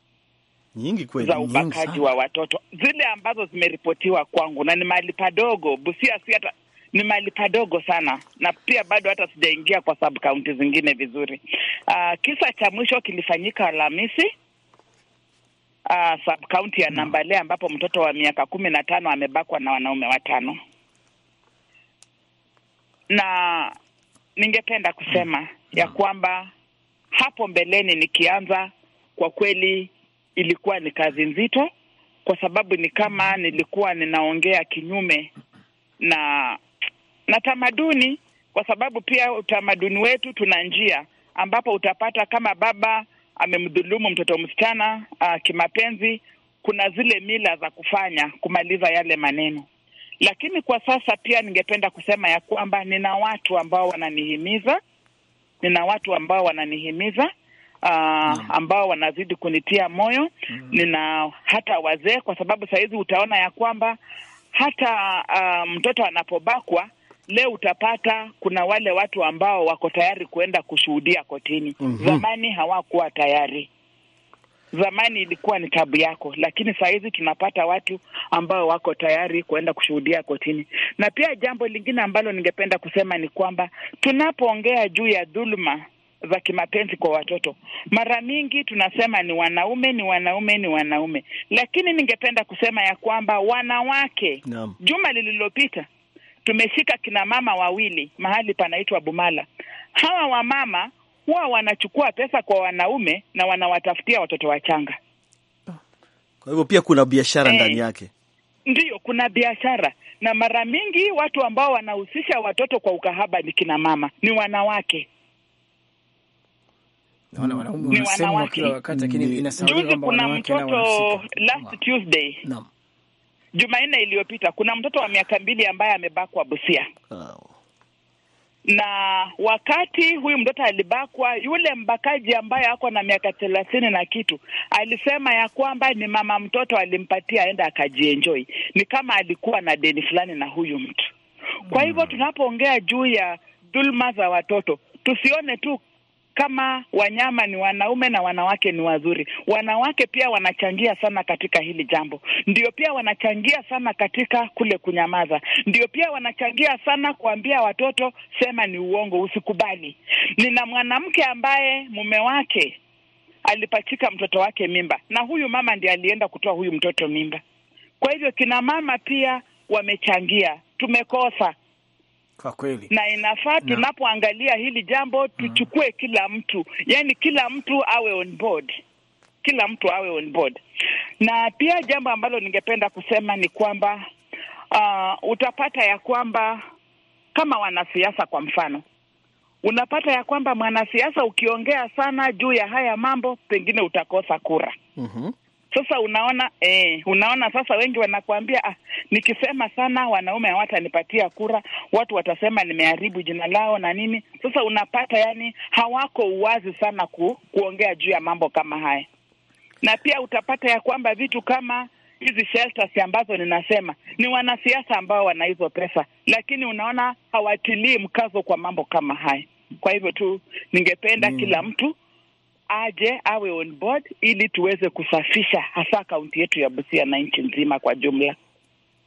nyingi kweli, za ubakaji wa watoto, zile ambazo zimeripotiwa kwangu, na ni mali padogo Busia, si hata ni mali padogo sana, na pia bado hata sijaingia kwa sub county zingine vizuri. Uh, kisa cha mwisho kilifanyika Alhamisi uh, ah, sub county ya hmm. Nambale ambapo mtoto wa miaka kumi na tano amebakwa na wanaume watano na ningependa kusema ya mm. kwamba hapo mbeleni nikianza, kwa kweli ilikuwa ni kazi nzito, kwa sababu ni kama mm. nilikuwa ninaongea kinyume na na tamaduni, kwa sababu pia utamaduni wetu tuna njia ambapo utapata kama baba amemdhulumu mtoto msichana uh, kimapenzi, kuna zile mila za kufanya kumaliza yale maneno. Lakini kwa sasa pia ningependa kusema ya kwamba nina watu ambao wananihimiza, nina watu ambao wananihimiza Uh, ambao wanazidi kunitia moyo mm. Nina hata wazee, kwa sababu sahizi utaona ya kwamba hata uh, mtoto anapobakwa leo utapata kuna wale watu ambao wako tayari kuenda kushuhudia kotini. mm -hmm. Zamani hawakuwa tayari zamani ilikuwa ni tabu yako, lakini saa hizi tunapata watu ambao wako tayari kuenda kushuhudia kotini. Na pia jambo lingine ambalo ningependa kusema ni kwamba tunapoongea juu ya dhuluma za kimapenzi kwa watoto, mara mingi tunasema ni wanaume, ni wanaume, ni wanaume, lakini ningependa kusema ya kwamba wanawake Juma lililopita tumeshika kina mama wawili mahali panaitwa Bumala. Hawa wamama huwa wanachukua pesa kwa wanaume na wanawatafutia watoto wachanga. Kwa hivyo pia kuna biashara eh, ndani yake. Ndiyo, kuna biashara, na mara mingi watu ambao wanahusisha watoto kwa ukahaba ni kina mama, ni wanawake ni wanawake. Mm. Juzi kuna mtoto last Tuesday, Jumanne iliyopita, kuna mtoto wa miaka mbili ambaye amebakwa Busia. Oh na wakati huyu mtoto alibakwa, yule mbakaji ambaye ako na miaka thelathini na kitu alisema ya kwamba ni mama mtoto alimpatia aenda akajienjoi, ni kama alikuwa na deni fulani na huyu mtu. Kwa hivyo mm. tunapoongea juu ya dhuluma za watoto tusione tu kama wanyama ni wanaume na wanawake ni wazuri. Wanawake pia wanachangia sana katika hili jambo, ndio pia wanachangia sana katika kule kunyamaza, ndio pia wanachangia sana kuambia watoto, sema ni uongo, usikubali. Nina mwanamke ambaye mume wake alipachika mtoto wake mimba, na huyu mama ndiye alienda kutoa huyu mtoto mimba. Kwa hivyo kina mama pia wamechangia, tumekosa kwa kweli, na inafaa tunapoangalia hili jambo mm. tuchukue kila mtu, yani kila mtu awe on board, kila mtu awe on board. Na pia jambo ambalo ningependa kusema ni kwamba uh, utapata ya kwamba kama wanasiasa kwa mfano, unapata ya kwamba mwanasiasa ukiongea sana juu ya haya mambo, pengine utakosa kura. mm -hmm. Sasa unaona eh, unaona sasa, wengi wanakuambia ah, nikisema sana wanaume hawatanipatia kura, watu watasema nimeharibu jina lao na nini. Sasa unapata yani hawako uwazi sana ku, kuongea juu ya mambo kama haya, na pia utapata ya kwamba vitu kama hizi shelters ambazo ninasema ni wanasiasa ambao wana hizo pesa, lakini unaona hawatilii mkazo kwa mambo kama haya. Kwa hivyo tu ningependa mm, kila mtu aje awe on board ili tuweze kusafisha hasa kaunti yetu ya Busia na nchi nzima kwa jumla.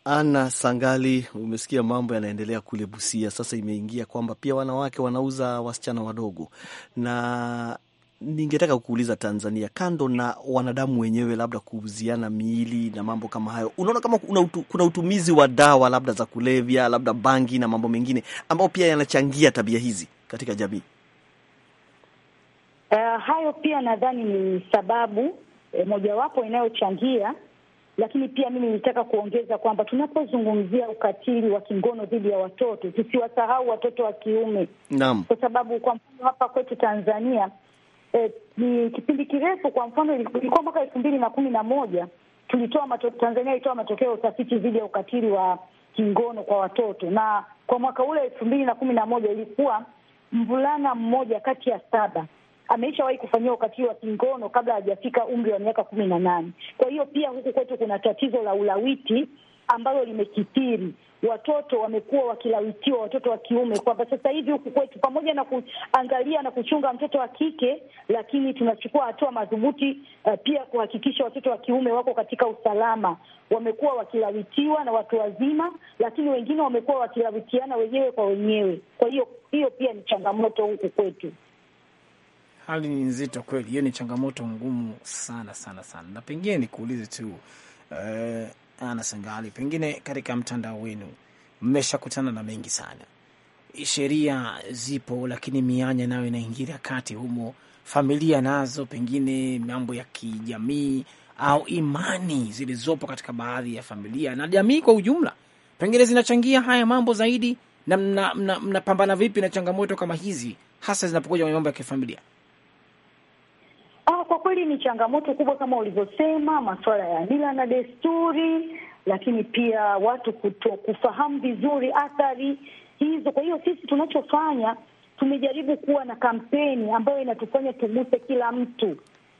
Ana Sangali, umesikia mambo yanaendelea kule Busia. Sasa imeingia kwamba pia wanawake wanauza wasichana wadogo, na ningetaka kukuuliza Tanzania, kando na wanadamu wenyewe labda kuuziana miili na mambo kama hayo, unaona kama kuna, utu, kuna utumizi wa dawa labda za kulevya, labda bangi na mambo mengine ambayo pia yanachangia tabia hizi katika jamii? Uh, hayo pia nadhani ni sababu e, mojawapo inayochangia, lakini pia mimi nilitaka kuongeza kwamba tunapozungumzia ukatili wa kingono dhidi ya watoto tusiwasahau watoto wa kiume. Naam. Kwa sababu kwa mfano hapa kwetu Tanzania e, ni kipindi kirefu, kwa mfano ilikuwa mwaka elfu mbili na kumi na moja tulitoa mato, Tanzania ilitoa matokeo ya utafiti dhidi ya ukatili wa kingono kwa watoto, na kwa mwaka ule elfu mbili na kumi na moja ilikuwa mvulana mmoja kati ya saba ameshawahi kufanyiwa ukatili wa kingono kabla hajafika umri wa miaka kumi na nane. Kwa hiyo pia huku kwetu kuna tatizo la ulawiti ambalo limekithiri. Watoto wamekuwa wakilawitiwa, watoto wa kiume, kwamba sasa hivi huku kwetu, pamoja na kuangalia na kuchunga mtoto wa kike, lakini tunachukua hatua madhubuti uh, pia kuhakikisha watoto wa kiume wako katika usalama. Wamekuwa wakilawitiwa na watu wazima, lakini wengine wamekuwa wakilawitiana wenyewe kwa wenyewe. Kwa hiyo hiyo pia ni changamoto huku kwetu hali ni nzito kweli, hiyo ni changamoto ngumu sana sana sana. Na pengine nikuulize tu uh, eh, Ana Sangali, pengine katika mtandao wenu mmeshakutana na mengi sana, sheria zipo, lakini mianya nayo inaingilia kati humo, familia nazo, pengine mambo ya kijamii au imani zilizopo katika baadhi ya familia na jamii kwa ujumla, pengine zinachangia haya mambo zaidi. Na mnapambana mna, mna vipi na changamoto kama hizi, hasa zinapokuja kwenye mambo ya kifamilia? ni changamoto kubwa kama ulivyosema, masuala ya mila na desturi, lakini pia watu kuto, kufahamu vizuri athari hizo. Kwa hiyo sisi tunachofanya tumejaribu kuwa na kampeni ambayo inatufanya tuguse kila mtu,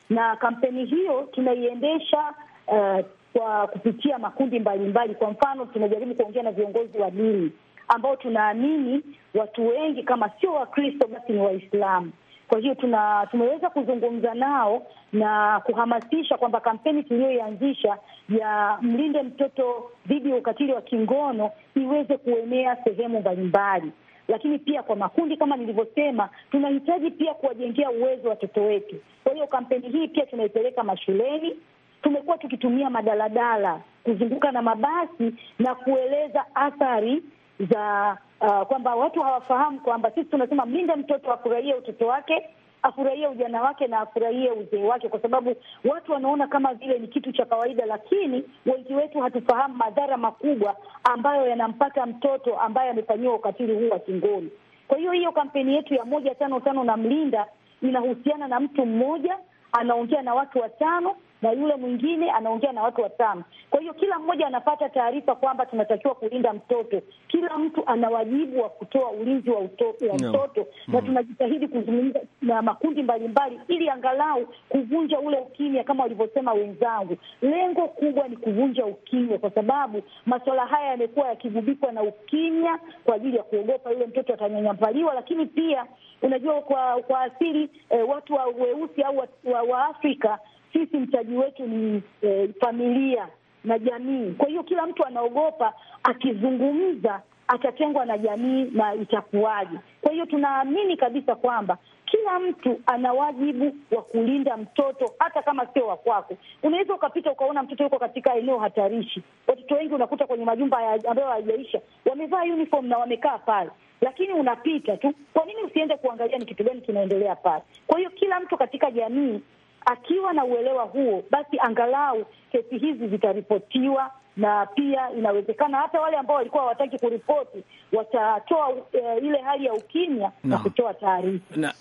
na kampeni hiyo tunaiendesha uh, kwa kupitia makundi mbalimbali mbali. Kwa mfano tunajaribu kuongea na viongozi wa dini ambao tunaamini watu wengi kama sio Wakristo basi ni Waislamu kwa hiyo tuna tumeweza kuzungumza nao na kuhamasisha kwamba kampeni tuliyoianzisha ya mlinde mtoto dhidi ya ukatili wa kingono iweze kuenea sehemu mbalimbali, lakini pia kwa makundi kama nilivyosema, tunahitaji pia kuwajengea uwezo watoto wetu. Kwa hiyo kampeni hii pia tunaipeleka mashuleni. Tumekuwa tukitumia madaladala kuzunguka na mabasi na kueleza athari za uh, kwamba watu hawafahamu kwamba sisi tunasema mlinda mtoto afurahie utoto wake, afurahie ujana wake na afurahie uzee wake, kwa sababu watu wanaona kama vile ni kitu cha kawaida, lakini wengi wetu hatufahamu madhara makubwa ambayo yanampata mtoto ambaye amefanyiwa ukatili huu wa kingono. Kwa hiyo hiyo kampeni yetu ya moja tano tano na mlinda inahusiana na mtu mmoja anaongea na watu watano na yule mwingine anaongea na watu watano. Kwa hiyo kila mmoja anapata taarifa kwamba tunatakiwa kulinda mtoto. Kila mtu ana wajibu wa kutoa ulinzi wa mtoto wa mtoto mm. na mm-hmm. tunajitahidi kuzungumza na makundi mbalimbali ili angalau kuvunja ule ukimya, kama walivyosema wenzangu. Lengo kubwa ni kuvunja ukimya, kwa sababu masuala haya yamekuwa yakigubikwa na ukimya kwa ajili ya kuogopa yule mtoto atanyanyapaliwa, lakini pia unajua kwa kwa asili eh, watu wa weusi au wa, wa, wa Afrika sisi mtaji wetu ni eh, familia na jamii. Kwa hiyo kila mtu anaogopa akizungumza atatengwa na jamii na itakuwaje? Kwa hiyo tunaamini kabisa kwamba kila mtu ana wajibu wa kulinda mtoto, hata kama sio wa kwako. Unaweza ukapita ukaona mtoto yuko katika eneo hatarishi. Watoto wengi unakuta kwenye majumba ambayo hayajaisha wamevaa uniform na wamekaa pale, lakini unapita tu. Kwa nini usiende kuangalia ni kitu gani kinaendelea pale? Kwa hiyo kila mtu katika jamii Akiwa na uelewa huo, basi angalau kesi hizi zitaripotiwa, na pia inawezekana hata wale ambao walikuwa hawataki kuripoti watatoa e, ile hali ya ukimya na kutoa taarifa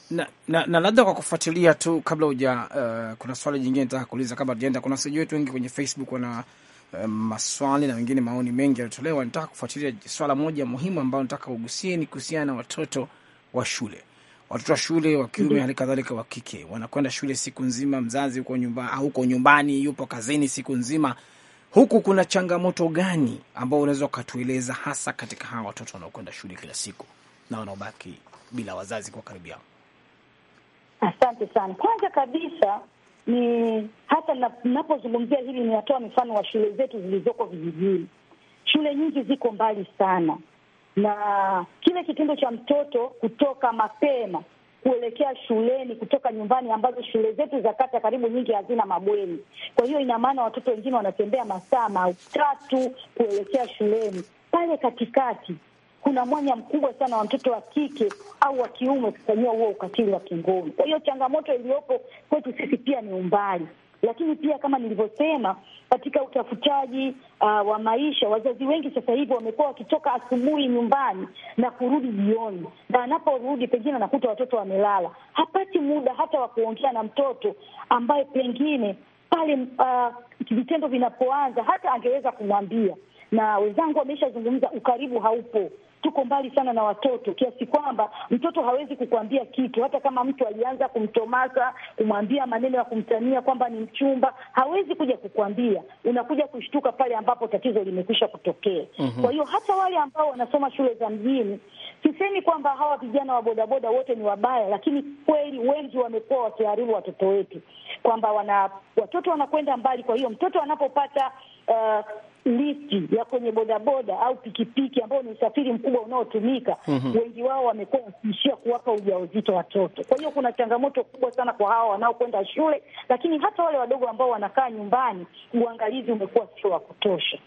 na, labda kwa kufuatilia tu kabla uja uh, eh, kuna swali jingine nitaka kuuliza kabla tujaenda. Kuna wasaji wetu wengi kwenye Facebook wana eh, maswali na wengine maoni mengi yalitolewa. Nataka kufuatilia swala moja muhimu ambayo nataka ugusie ni kuhusiana na watoto wa shule watoto wa shule wa kiume mm-hmm. hali kadhalika wa kike wanakwenda shule siku nzima, mzazi huko nyumba, huko nyumbani, yupo kazini siku nzima. Huku kuna changamoto gani ambao unaweza ukatueleza, hasa katika hawa watoto wanaokwenda shule kila siku na wanaobaki bila wazazi kwa karibu yao? Asante sana. Kwanza kabisa ni hata ninapozungumzia hili ninatoa mfano wa shule zetu zilizoko vijijini. Shule nyingi ziko mbali sana na kile kitendo cha mtoto kutoka mapema kuelekea shuleni kutoka nyumbani, ambazo shule zetu za kata karibu nyingi hazina mabweni. Kwa hiyo ina maana watoto wengine wanatembea masaa matatu kuelekea shuleni. Pale katikati kuna mwanya mkubwa sana wa mtoto wa kike au wa kiume kufanyiwa huo ukatili wa kingono. Kwa hiyo changamoto iliyopo kwetu sisi pia ni umbali. Lakini pia kama nilivyosema, katika utafutaji uh, wa maisha, wazazi wengi sasa hivi wamekuwa wakitoka asubuhi nyumbani na kurudi jioni, na anaporudi pengine anakuta watoto wamelala, hapati muda hata wa kuongea na mtoto ambaye pengine pale uh, vitendo vinapoanza hata angeweza kumwambia. Na wenzangu wameshazungumza, ukaribu haupo tuko mbali sana na watoto kiasi kwamba mtoto hawezi kukwambia kitu. Hata kama mtu alianza kumtomasa, kumwambia maneno ya kumtania kwamba ni mchumba, hawezi kuja kukwambia. Unakuja kushtuka pale ambapo tatizo limekwisha kutokea. mm -hmm. Kwa hiyo hata wale ambao wanasoma shule za mjini, sisemi kwamba hawa vijana wa bodaboda wote ni wabaya, lakini kweli wengi wamekuwa wakiharibu watoto wetu, kwamba wana watoto wanakwenda mbali. Kwa hiyo mtoto anapopata uh, lifti ya kwenye bodaboda au pikipiki ambao ni usafiri mkubwa unaotumika mm -hmm. Wengi wao wamekuwa wakiishia kuwapa ujauzito watoto. Kwa hiyo kuna changamoto kubwa sana kwa hawa wanaokwenda shule, lakini hata wale wadogo ambao wanakaa nyumbani, uangalizi umekuwa sio wa kutosha.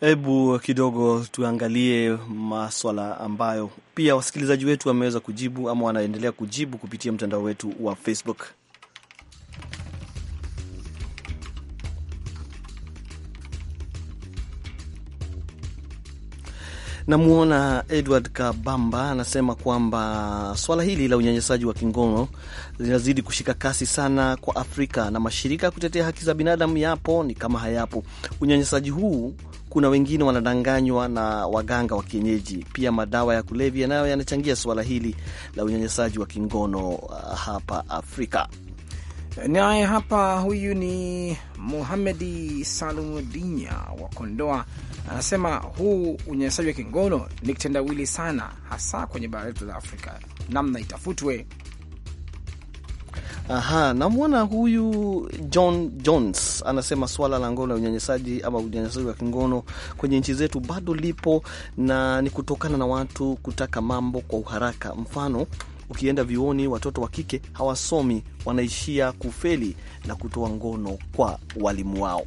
Hebu kidogo tuangalie maswala ambayo pia wasikilizaji wetu wameweza kujibu ama wanaendelea kujibu kupitia mtandao wetu wa Facebook. Namwona Edward Kabamba anasema kwamba swala hili la unyanyasaji wa kingono linazidi kushika kasi sana kwa Afrika, na mashirika ya kutetea haki za binadamu yapo ni kama hayapo. Unyanyasaji huu, kuna wengine wanadanganywa na waganga wa kienyeji. Pia madawa ya kulevya nayo yanachangia swala hili la unyanyasaji wa kingono uh, hapa Afrika. Naye hapa huyu ni Muhamedi Salumudinya wa Kondoa, anasema huu unyanyasaji wa kingono ni kitendawili sana, hasa kwenye bara letu la Afrika, namna itafutwe. Aha, namwona huyu John Jones anasema swala la ngono ya unyanyasaji ama unyanyasaji wa kingono kwenye nchi zetu bado lipo, na ni kutokana na watu kutaka mambo kwa uharaka. Mfano Ukienda vioni watoto wa kike hawasomi, wanaishia kufeli na kutoa ngono kwa walimu wao.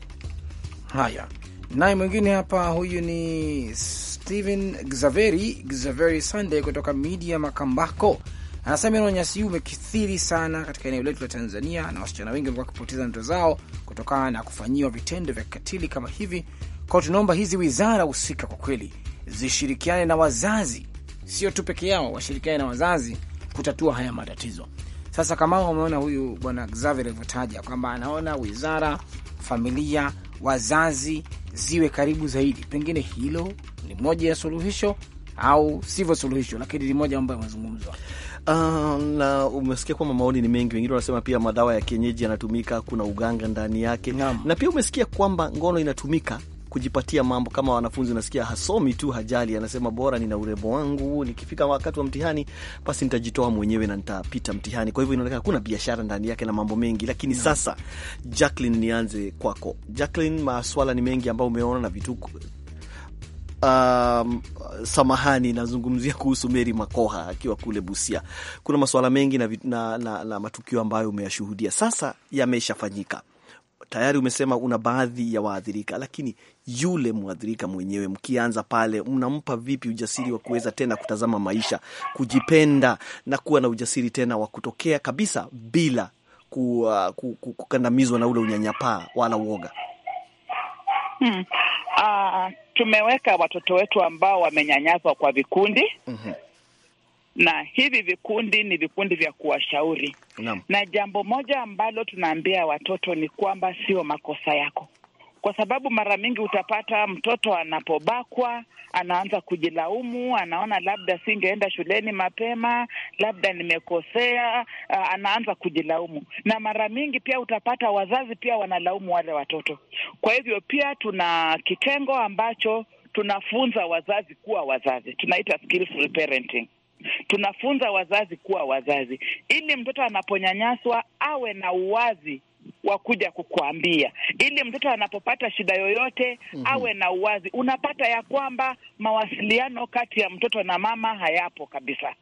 Haya, naye mwingine hapa, huyu ni Stephen Xaveri Xaveri Sunday kutoka Media Makambako anasema unanyasi umekithiri sana katika eneo letu la Tanzania, na wasichana wengi wamekuwa wakipoteza ndoto zao kutokana na kufanyiwa vitendo vya kikatili kama hivi. Kwao tunaomba hizi wizara husika kwa kweli zishirikiane na wazazi, sio tu peke yao, washirikiane na wazazi kutatua haya matatizo. Sasa kama umeona huyu bwana Xavier alivyotaja kwamba anaona wizara, familia, wazazi ziwe karibu zaidi, pengine hilo ni moja ya suluhisho au sivyo suluhisho, lakini ni moja ambayo amezungumzwa. Uh, na umesikia kwamba maoni ni mengi. Wengine wanasema pia madawa ya kienyeji yanatumika, kuna uganga ndani yake Ngam. na pia umesikia kwamba ngono inatumika kujipatia mambo kama wanafunzi. Unasikia hasomi tu, hajali, anasema bora nina urembo wangu, nikifika wakati wa mtihani basi nitajitoa mwenyewe na nitapita mtihani. Kwa hivyo inaonekana kuna biashara ndani yake na mambo mengi, lakini no. Sasa Jacqueline, nianze kwako Jacqueline, maswala ni mengi ambayo umeona na vituko Um, samahani, nazungumzia kuhusu Meri Makoha akiwa kule Busia. Kuna masuala mengi na, na, na, na matukio ambayo umeyashuhudia sasa yameshafanyika tayari umesema una baadhi ya waathirika, lakini yule mwathirika mwenyewe, mkianza pale, mnampa vipi ujasiri wa kuweza tena kutazama maisha, kujipenda na kuwa na ujasiri tena wa kutokea kabisa bila ku, uh, ku, ku, kukandamizwa na ule unyanyapaa wala uoga? hmm. Uh, tumeweka watoto wetu ambao wamenyanyaswa kwa vikundi mm -hmm na hivi vikundi ni vikundi vya kuwashauri Na jambo moja ambalo tunaambia watoto ni kwamba sio makosa yako, kwa sababu mara mingi utapata mtoto anapobakwa anaanza kujilaumu, anaona labda singeenda shuleni mapema, labda nimekosea, anaanza kujilaumu. Na mara mingi pia utapata wazazi pia wanalaumu wale watoto. Kwa hivyo pia tuna kitengo ambacho tunafunza wazazi kuwa wazazi, tunaita skillful parenting tunafunza wazazi kuwa wazazi, ili mtoto anaponyanyaswa awe na uwazi wa kuja kukuambia, ili mtoto anapopata shida yoyote mm -hmm. awe na uwazi. Unapata ya kwamba mawasiliano kati ya mtoto na mama hayapo kabisa,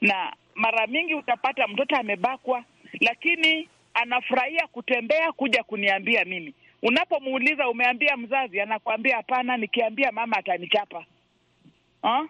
na mara mingi utapata mtoto amebakwa, lakini anafurahia kutembea kuja kuniambia mimi. Unapomuuliza umeambia mzazi, anakuambia hapana, nikiambia mama atanichapa ah?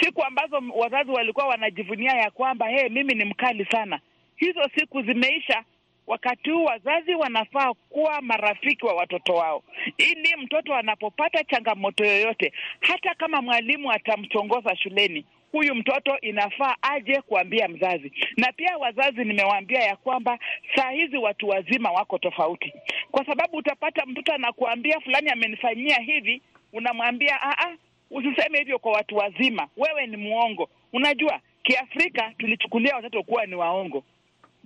siku ambazo wazazi walikuwa wanajivunia ya kwamba hey, mimi ni mkali sana, hizo siku zimeisha. Wakati huu wazazi wanafaa kuwa marafiki wa watoto wao, ili mtoto anapopata changamoto yoyote, hata kama mwalimu atamchongoza shuleni, huyu mtoto inafaa aje kuambia mzazi. Na pia wazazi, nimewaambia ya kwamba saa hizi watu wazima wako tofauti, kwa sababu utapata mtoto anakuambia fulani amenifanyia hivi, unamwambia ah, ah, usiseme hivyo kwa watu wazima, wewe ni mwongo. Unajua Kiafrika tulichukulia watoto kuwa ni waongo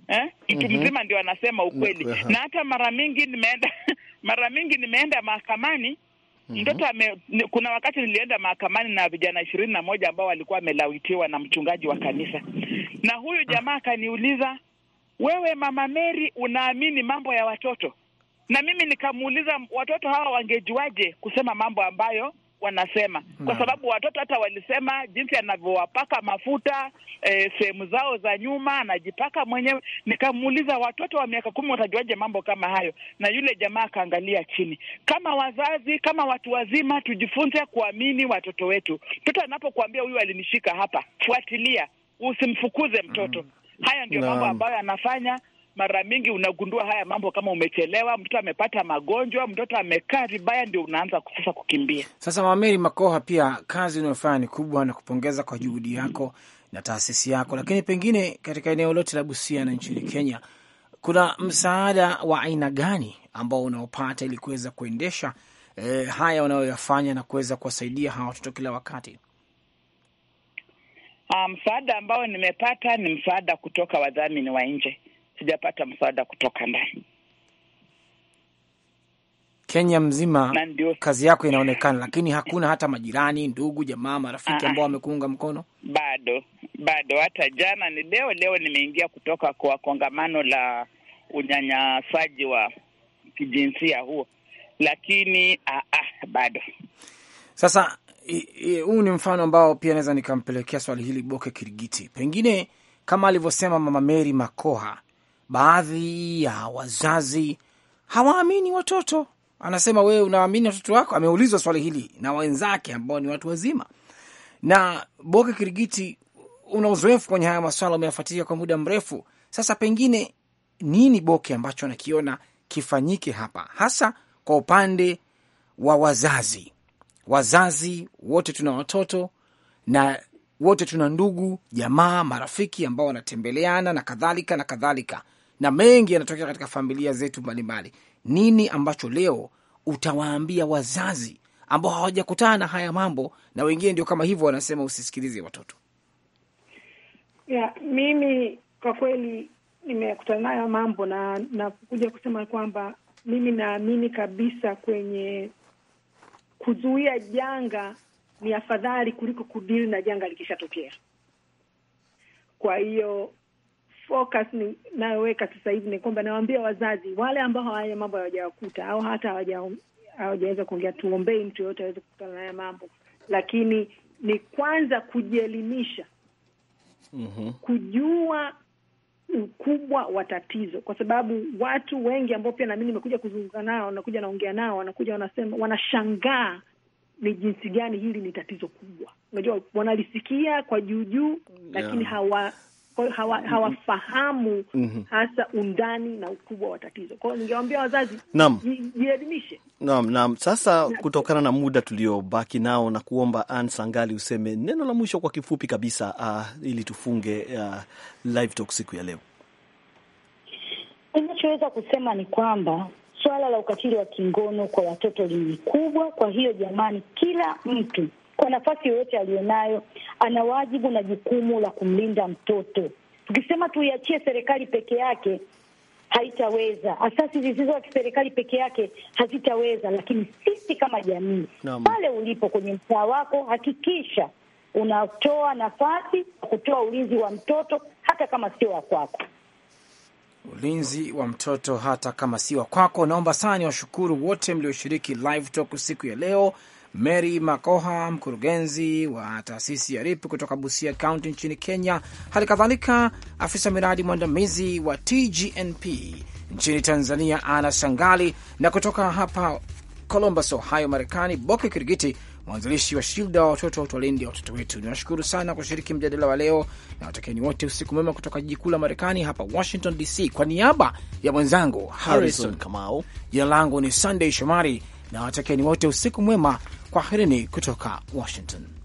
eh? Mtu mm -hmm. ndio anasema ukweli mm -hmm. na hata mara mingi nimeenda mara mingi nimeenda mahakamani mhm. mtoto ame, kuna wakati nilienda mahakamani na vijana ishirini na moja ambao walikuwa wamelawitiwa na mchungaji wa kanisa, na huyu ah. jamaa akaniuliza, wewe Mama Mary, unaamini mambo ya watoto? Na mimi nikamuuliza, watoto hawa wangejuaje kusema mambo ambayo wanasema kwa sababu watoto hata walisema jinsi anavyowapaka mafuta e, sehemu zao za nyuma anajipaka mwenyewe. Nikamuuliza, watoto wa miaka kumi watajuaje mambo kama hayo? Na yule jamaa akaangalia chini. Kama wazazi, kama watu wazima, tujifunze kuamini watoto wetu. Mtoto anapokuambia huyu alinishika hapa, fuatilia, usimfukuze mtoto. Mm. Haya ndio mambo ambayo anafanya mara mingi unagundua haya mambo kama umechelewa, mtoto amepata magonjwa, mtoto amekaa vibaya, ndio unaanza sasa kukimbia. Sasa Mama Mary Makoha, pia kazi unayofanya ni kubwa, na kupongeza kwa juhudi yako na taasisi yako, lakini pengine katika eneo lote la Busia na nchini Kenya kuna msaada wa aina gani ambao unaopata ili kuweza kuendesha eh, haya unayoyafanya na kuweza kuwasaidia hawa watoto kila wakati? Ah, msaada um, ambao nimepata ni msaada kutoka wadhamini wa nje sijapata msaada kutoka ndani. Kenya mzima Nandiyo. Kazi yako inaonekana, lakini hakuna hata majirani, ndugu, jamaa, marafiki ambao ah, ah. wamekuunga mkono? Bado, bado. Hata jana ni leo leo nimeingia kutoka kwa kongamano la unyanyasaji wa kijinsia huo, lakini aa, ah, bado. Sasa huu ni mfano ambao pia naweza nikampelekea swali hili Boke Kirigiti, pengine kama alivyosema Mama Mary Makoha baadhi ya wazazi hawaamini watoto. Anasema wewe unaamini watoto wako? Ameulizwa swali hili na wenzake ambao ni watu wazima. Na Boke Kirigiti, una uzoefu kwenye haya maswala, umeyafuatilia kwa muda mrefu sasa, pengine nini Boke ambacho anakiona kifanyike hapa, hasa kwa upande wa wazazi? Wazazi wote tuna watoto na wote tuna ndugu, jamaa, marafiki ambao wanatembeleana na kadhalika na kadhalika na mengi yanatokea katika familia zetu mbalimbali. Nini ambacho leo utawaambia wazazi ambao hawajakutana na haya mambo, na wengine ndio kama hivyo wanasema usisikilize watoto? Yeah, mimi kwa kweli nimekutana nayo mambo na nakuja kusema kwamba mimi naamini kabisa kwenye kuzuia janga ni afadhali kuliko kudili na janga likishatokea. Kwa hiyo focus ninayoweka sasa hivi ni kwamba nawaambia wazazi wale ambao haya mambo hawajawakuta au hata hawajaweza kuongea, tuombei mtu yoyote aweze kukutana na haya mambo, lakini ni kwanza kujielimisha, mm-hmm. kujua ukubwa wa tatizo, kwa sababu watu wengi ambao pia nami nimekuja kuzunguka nao, nakuja naongea nao, wanakuja wanasema, wanashangaa ni jinsi gani hili ni tatizo kubwa. Unajua, wanalisikia kwa juujuu, lakini yeah. hawa kwa hiyo hawa, mm-hmm. hawafahamu mm -hmm. hasa undani na ukubwa wa tatizo. Kwa hiyo ningewaambia wazazi jielimishe. Naam, naam. Sasa naam. Kutokana na muda tuliobaki nao na kuomba Ann Sangali useme neno la mwisho kwa kifupi kabisa, uh, ili tufunge uh, live talk siku ya leo. Ninachoweza kusema ni kwamba suala la ukatili wa kingono kwa watoto ni kubwa. Kwa hiyo jamani, kila mtu kwa nafasi yoyote aliyonayo, ana wajibu na jukumu la kumlinda mtoto. Tukisema tuiachie serikali peke yake haitaweza, asasi zisizo za kiserikali peke yake hazitaweza, lakini sisi kama jamii no. pale ulipo kwenye mtaa wako hakikisha unatoa nafasi ya kutoa ulinzi wa mtoto hata kama sio wa kwako ulinzi wa mtoto hata kama si wa kwako. Naomba sana ni washukuru wote mlioshiriki live talk siku ya leo. Mary Makoha, mkurugenzi wa taasisi ya RIP kutoka Busia County nchini Kenya, hali kadhalika afisa miradi mwandamizi wa TGNP nchini Tanzania, Ana Sangali, na kutoka hapa Columbus, Ohio, Marekani, Boke Kirigiti, mwanzilishi wa Shilda wa watoto watwalindia watoto wetu. Niwashukuru sana kushiriki mjadala wa leo na watakieni wote usiku mwema kutoka jiji kuu la Marekani, hapa Washington DC. Kwa niaba ya mwenzangu Harrison Kamau, jina langu ni Sunday Shomari na watakieni wote usiku mwema Kwaherini kutoka Washington.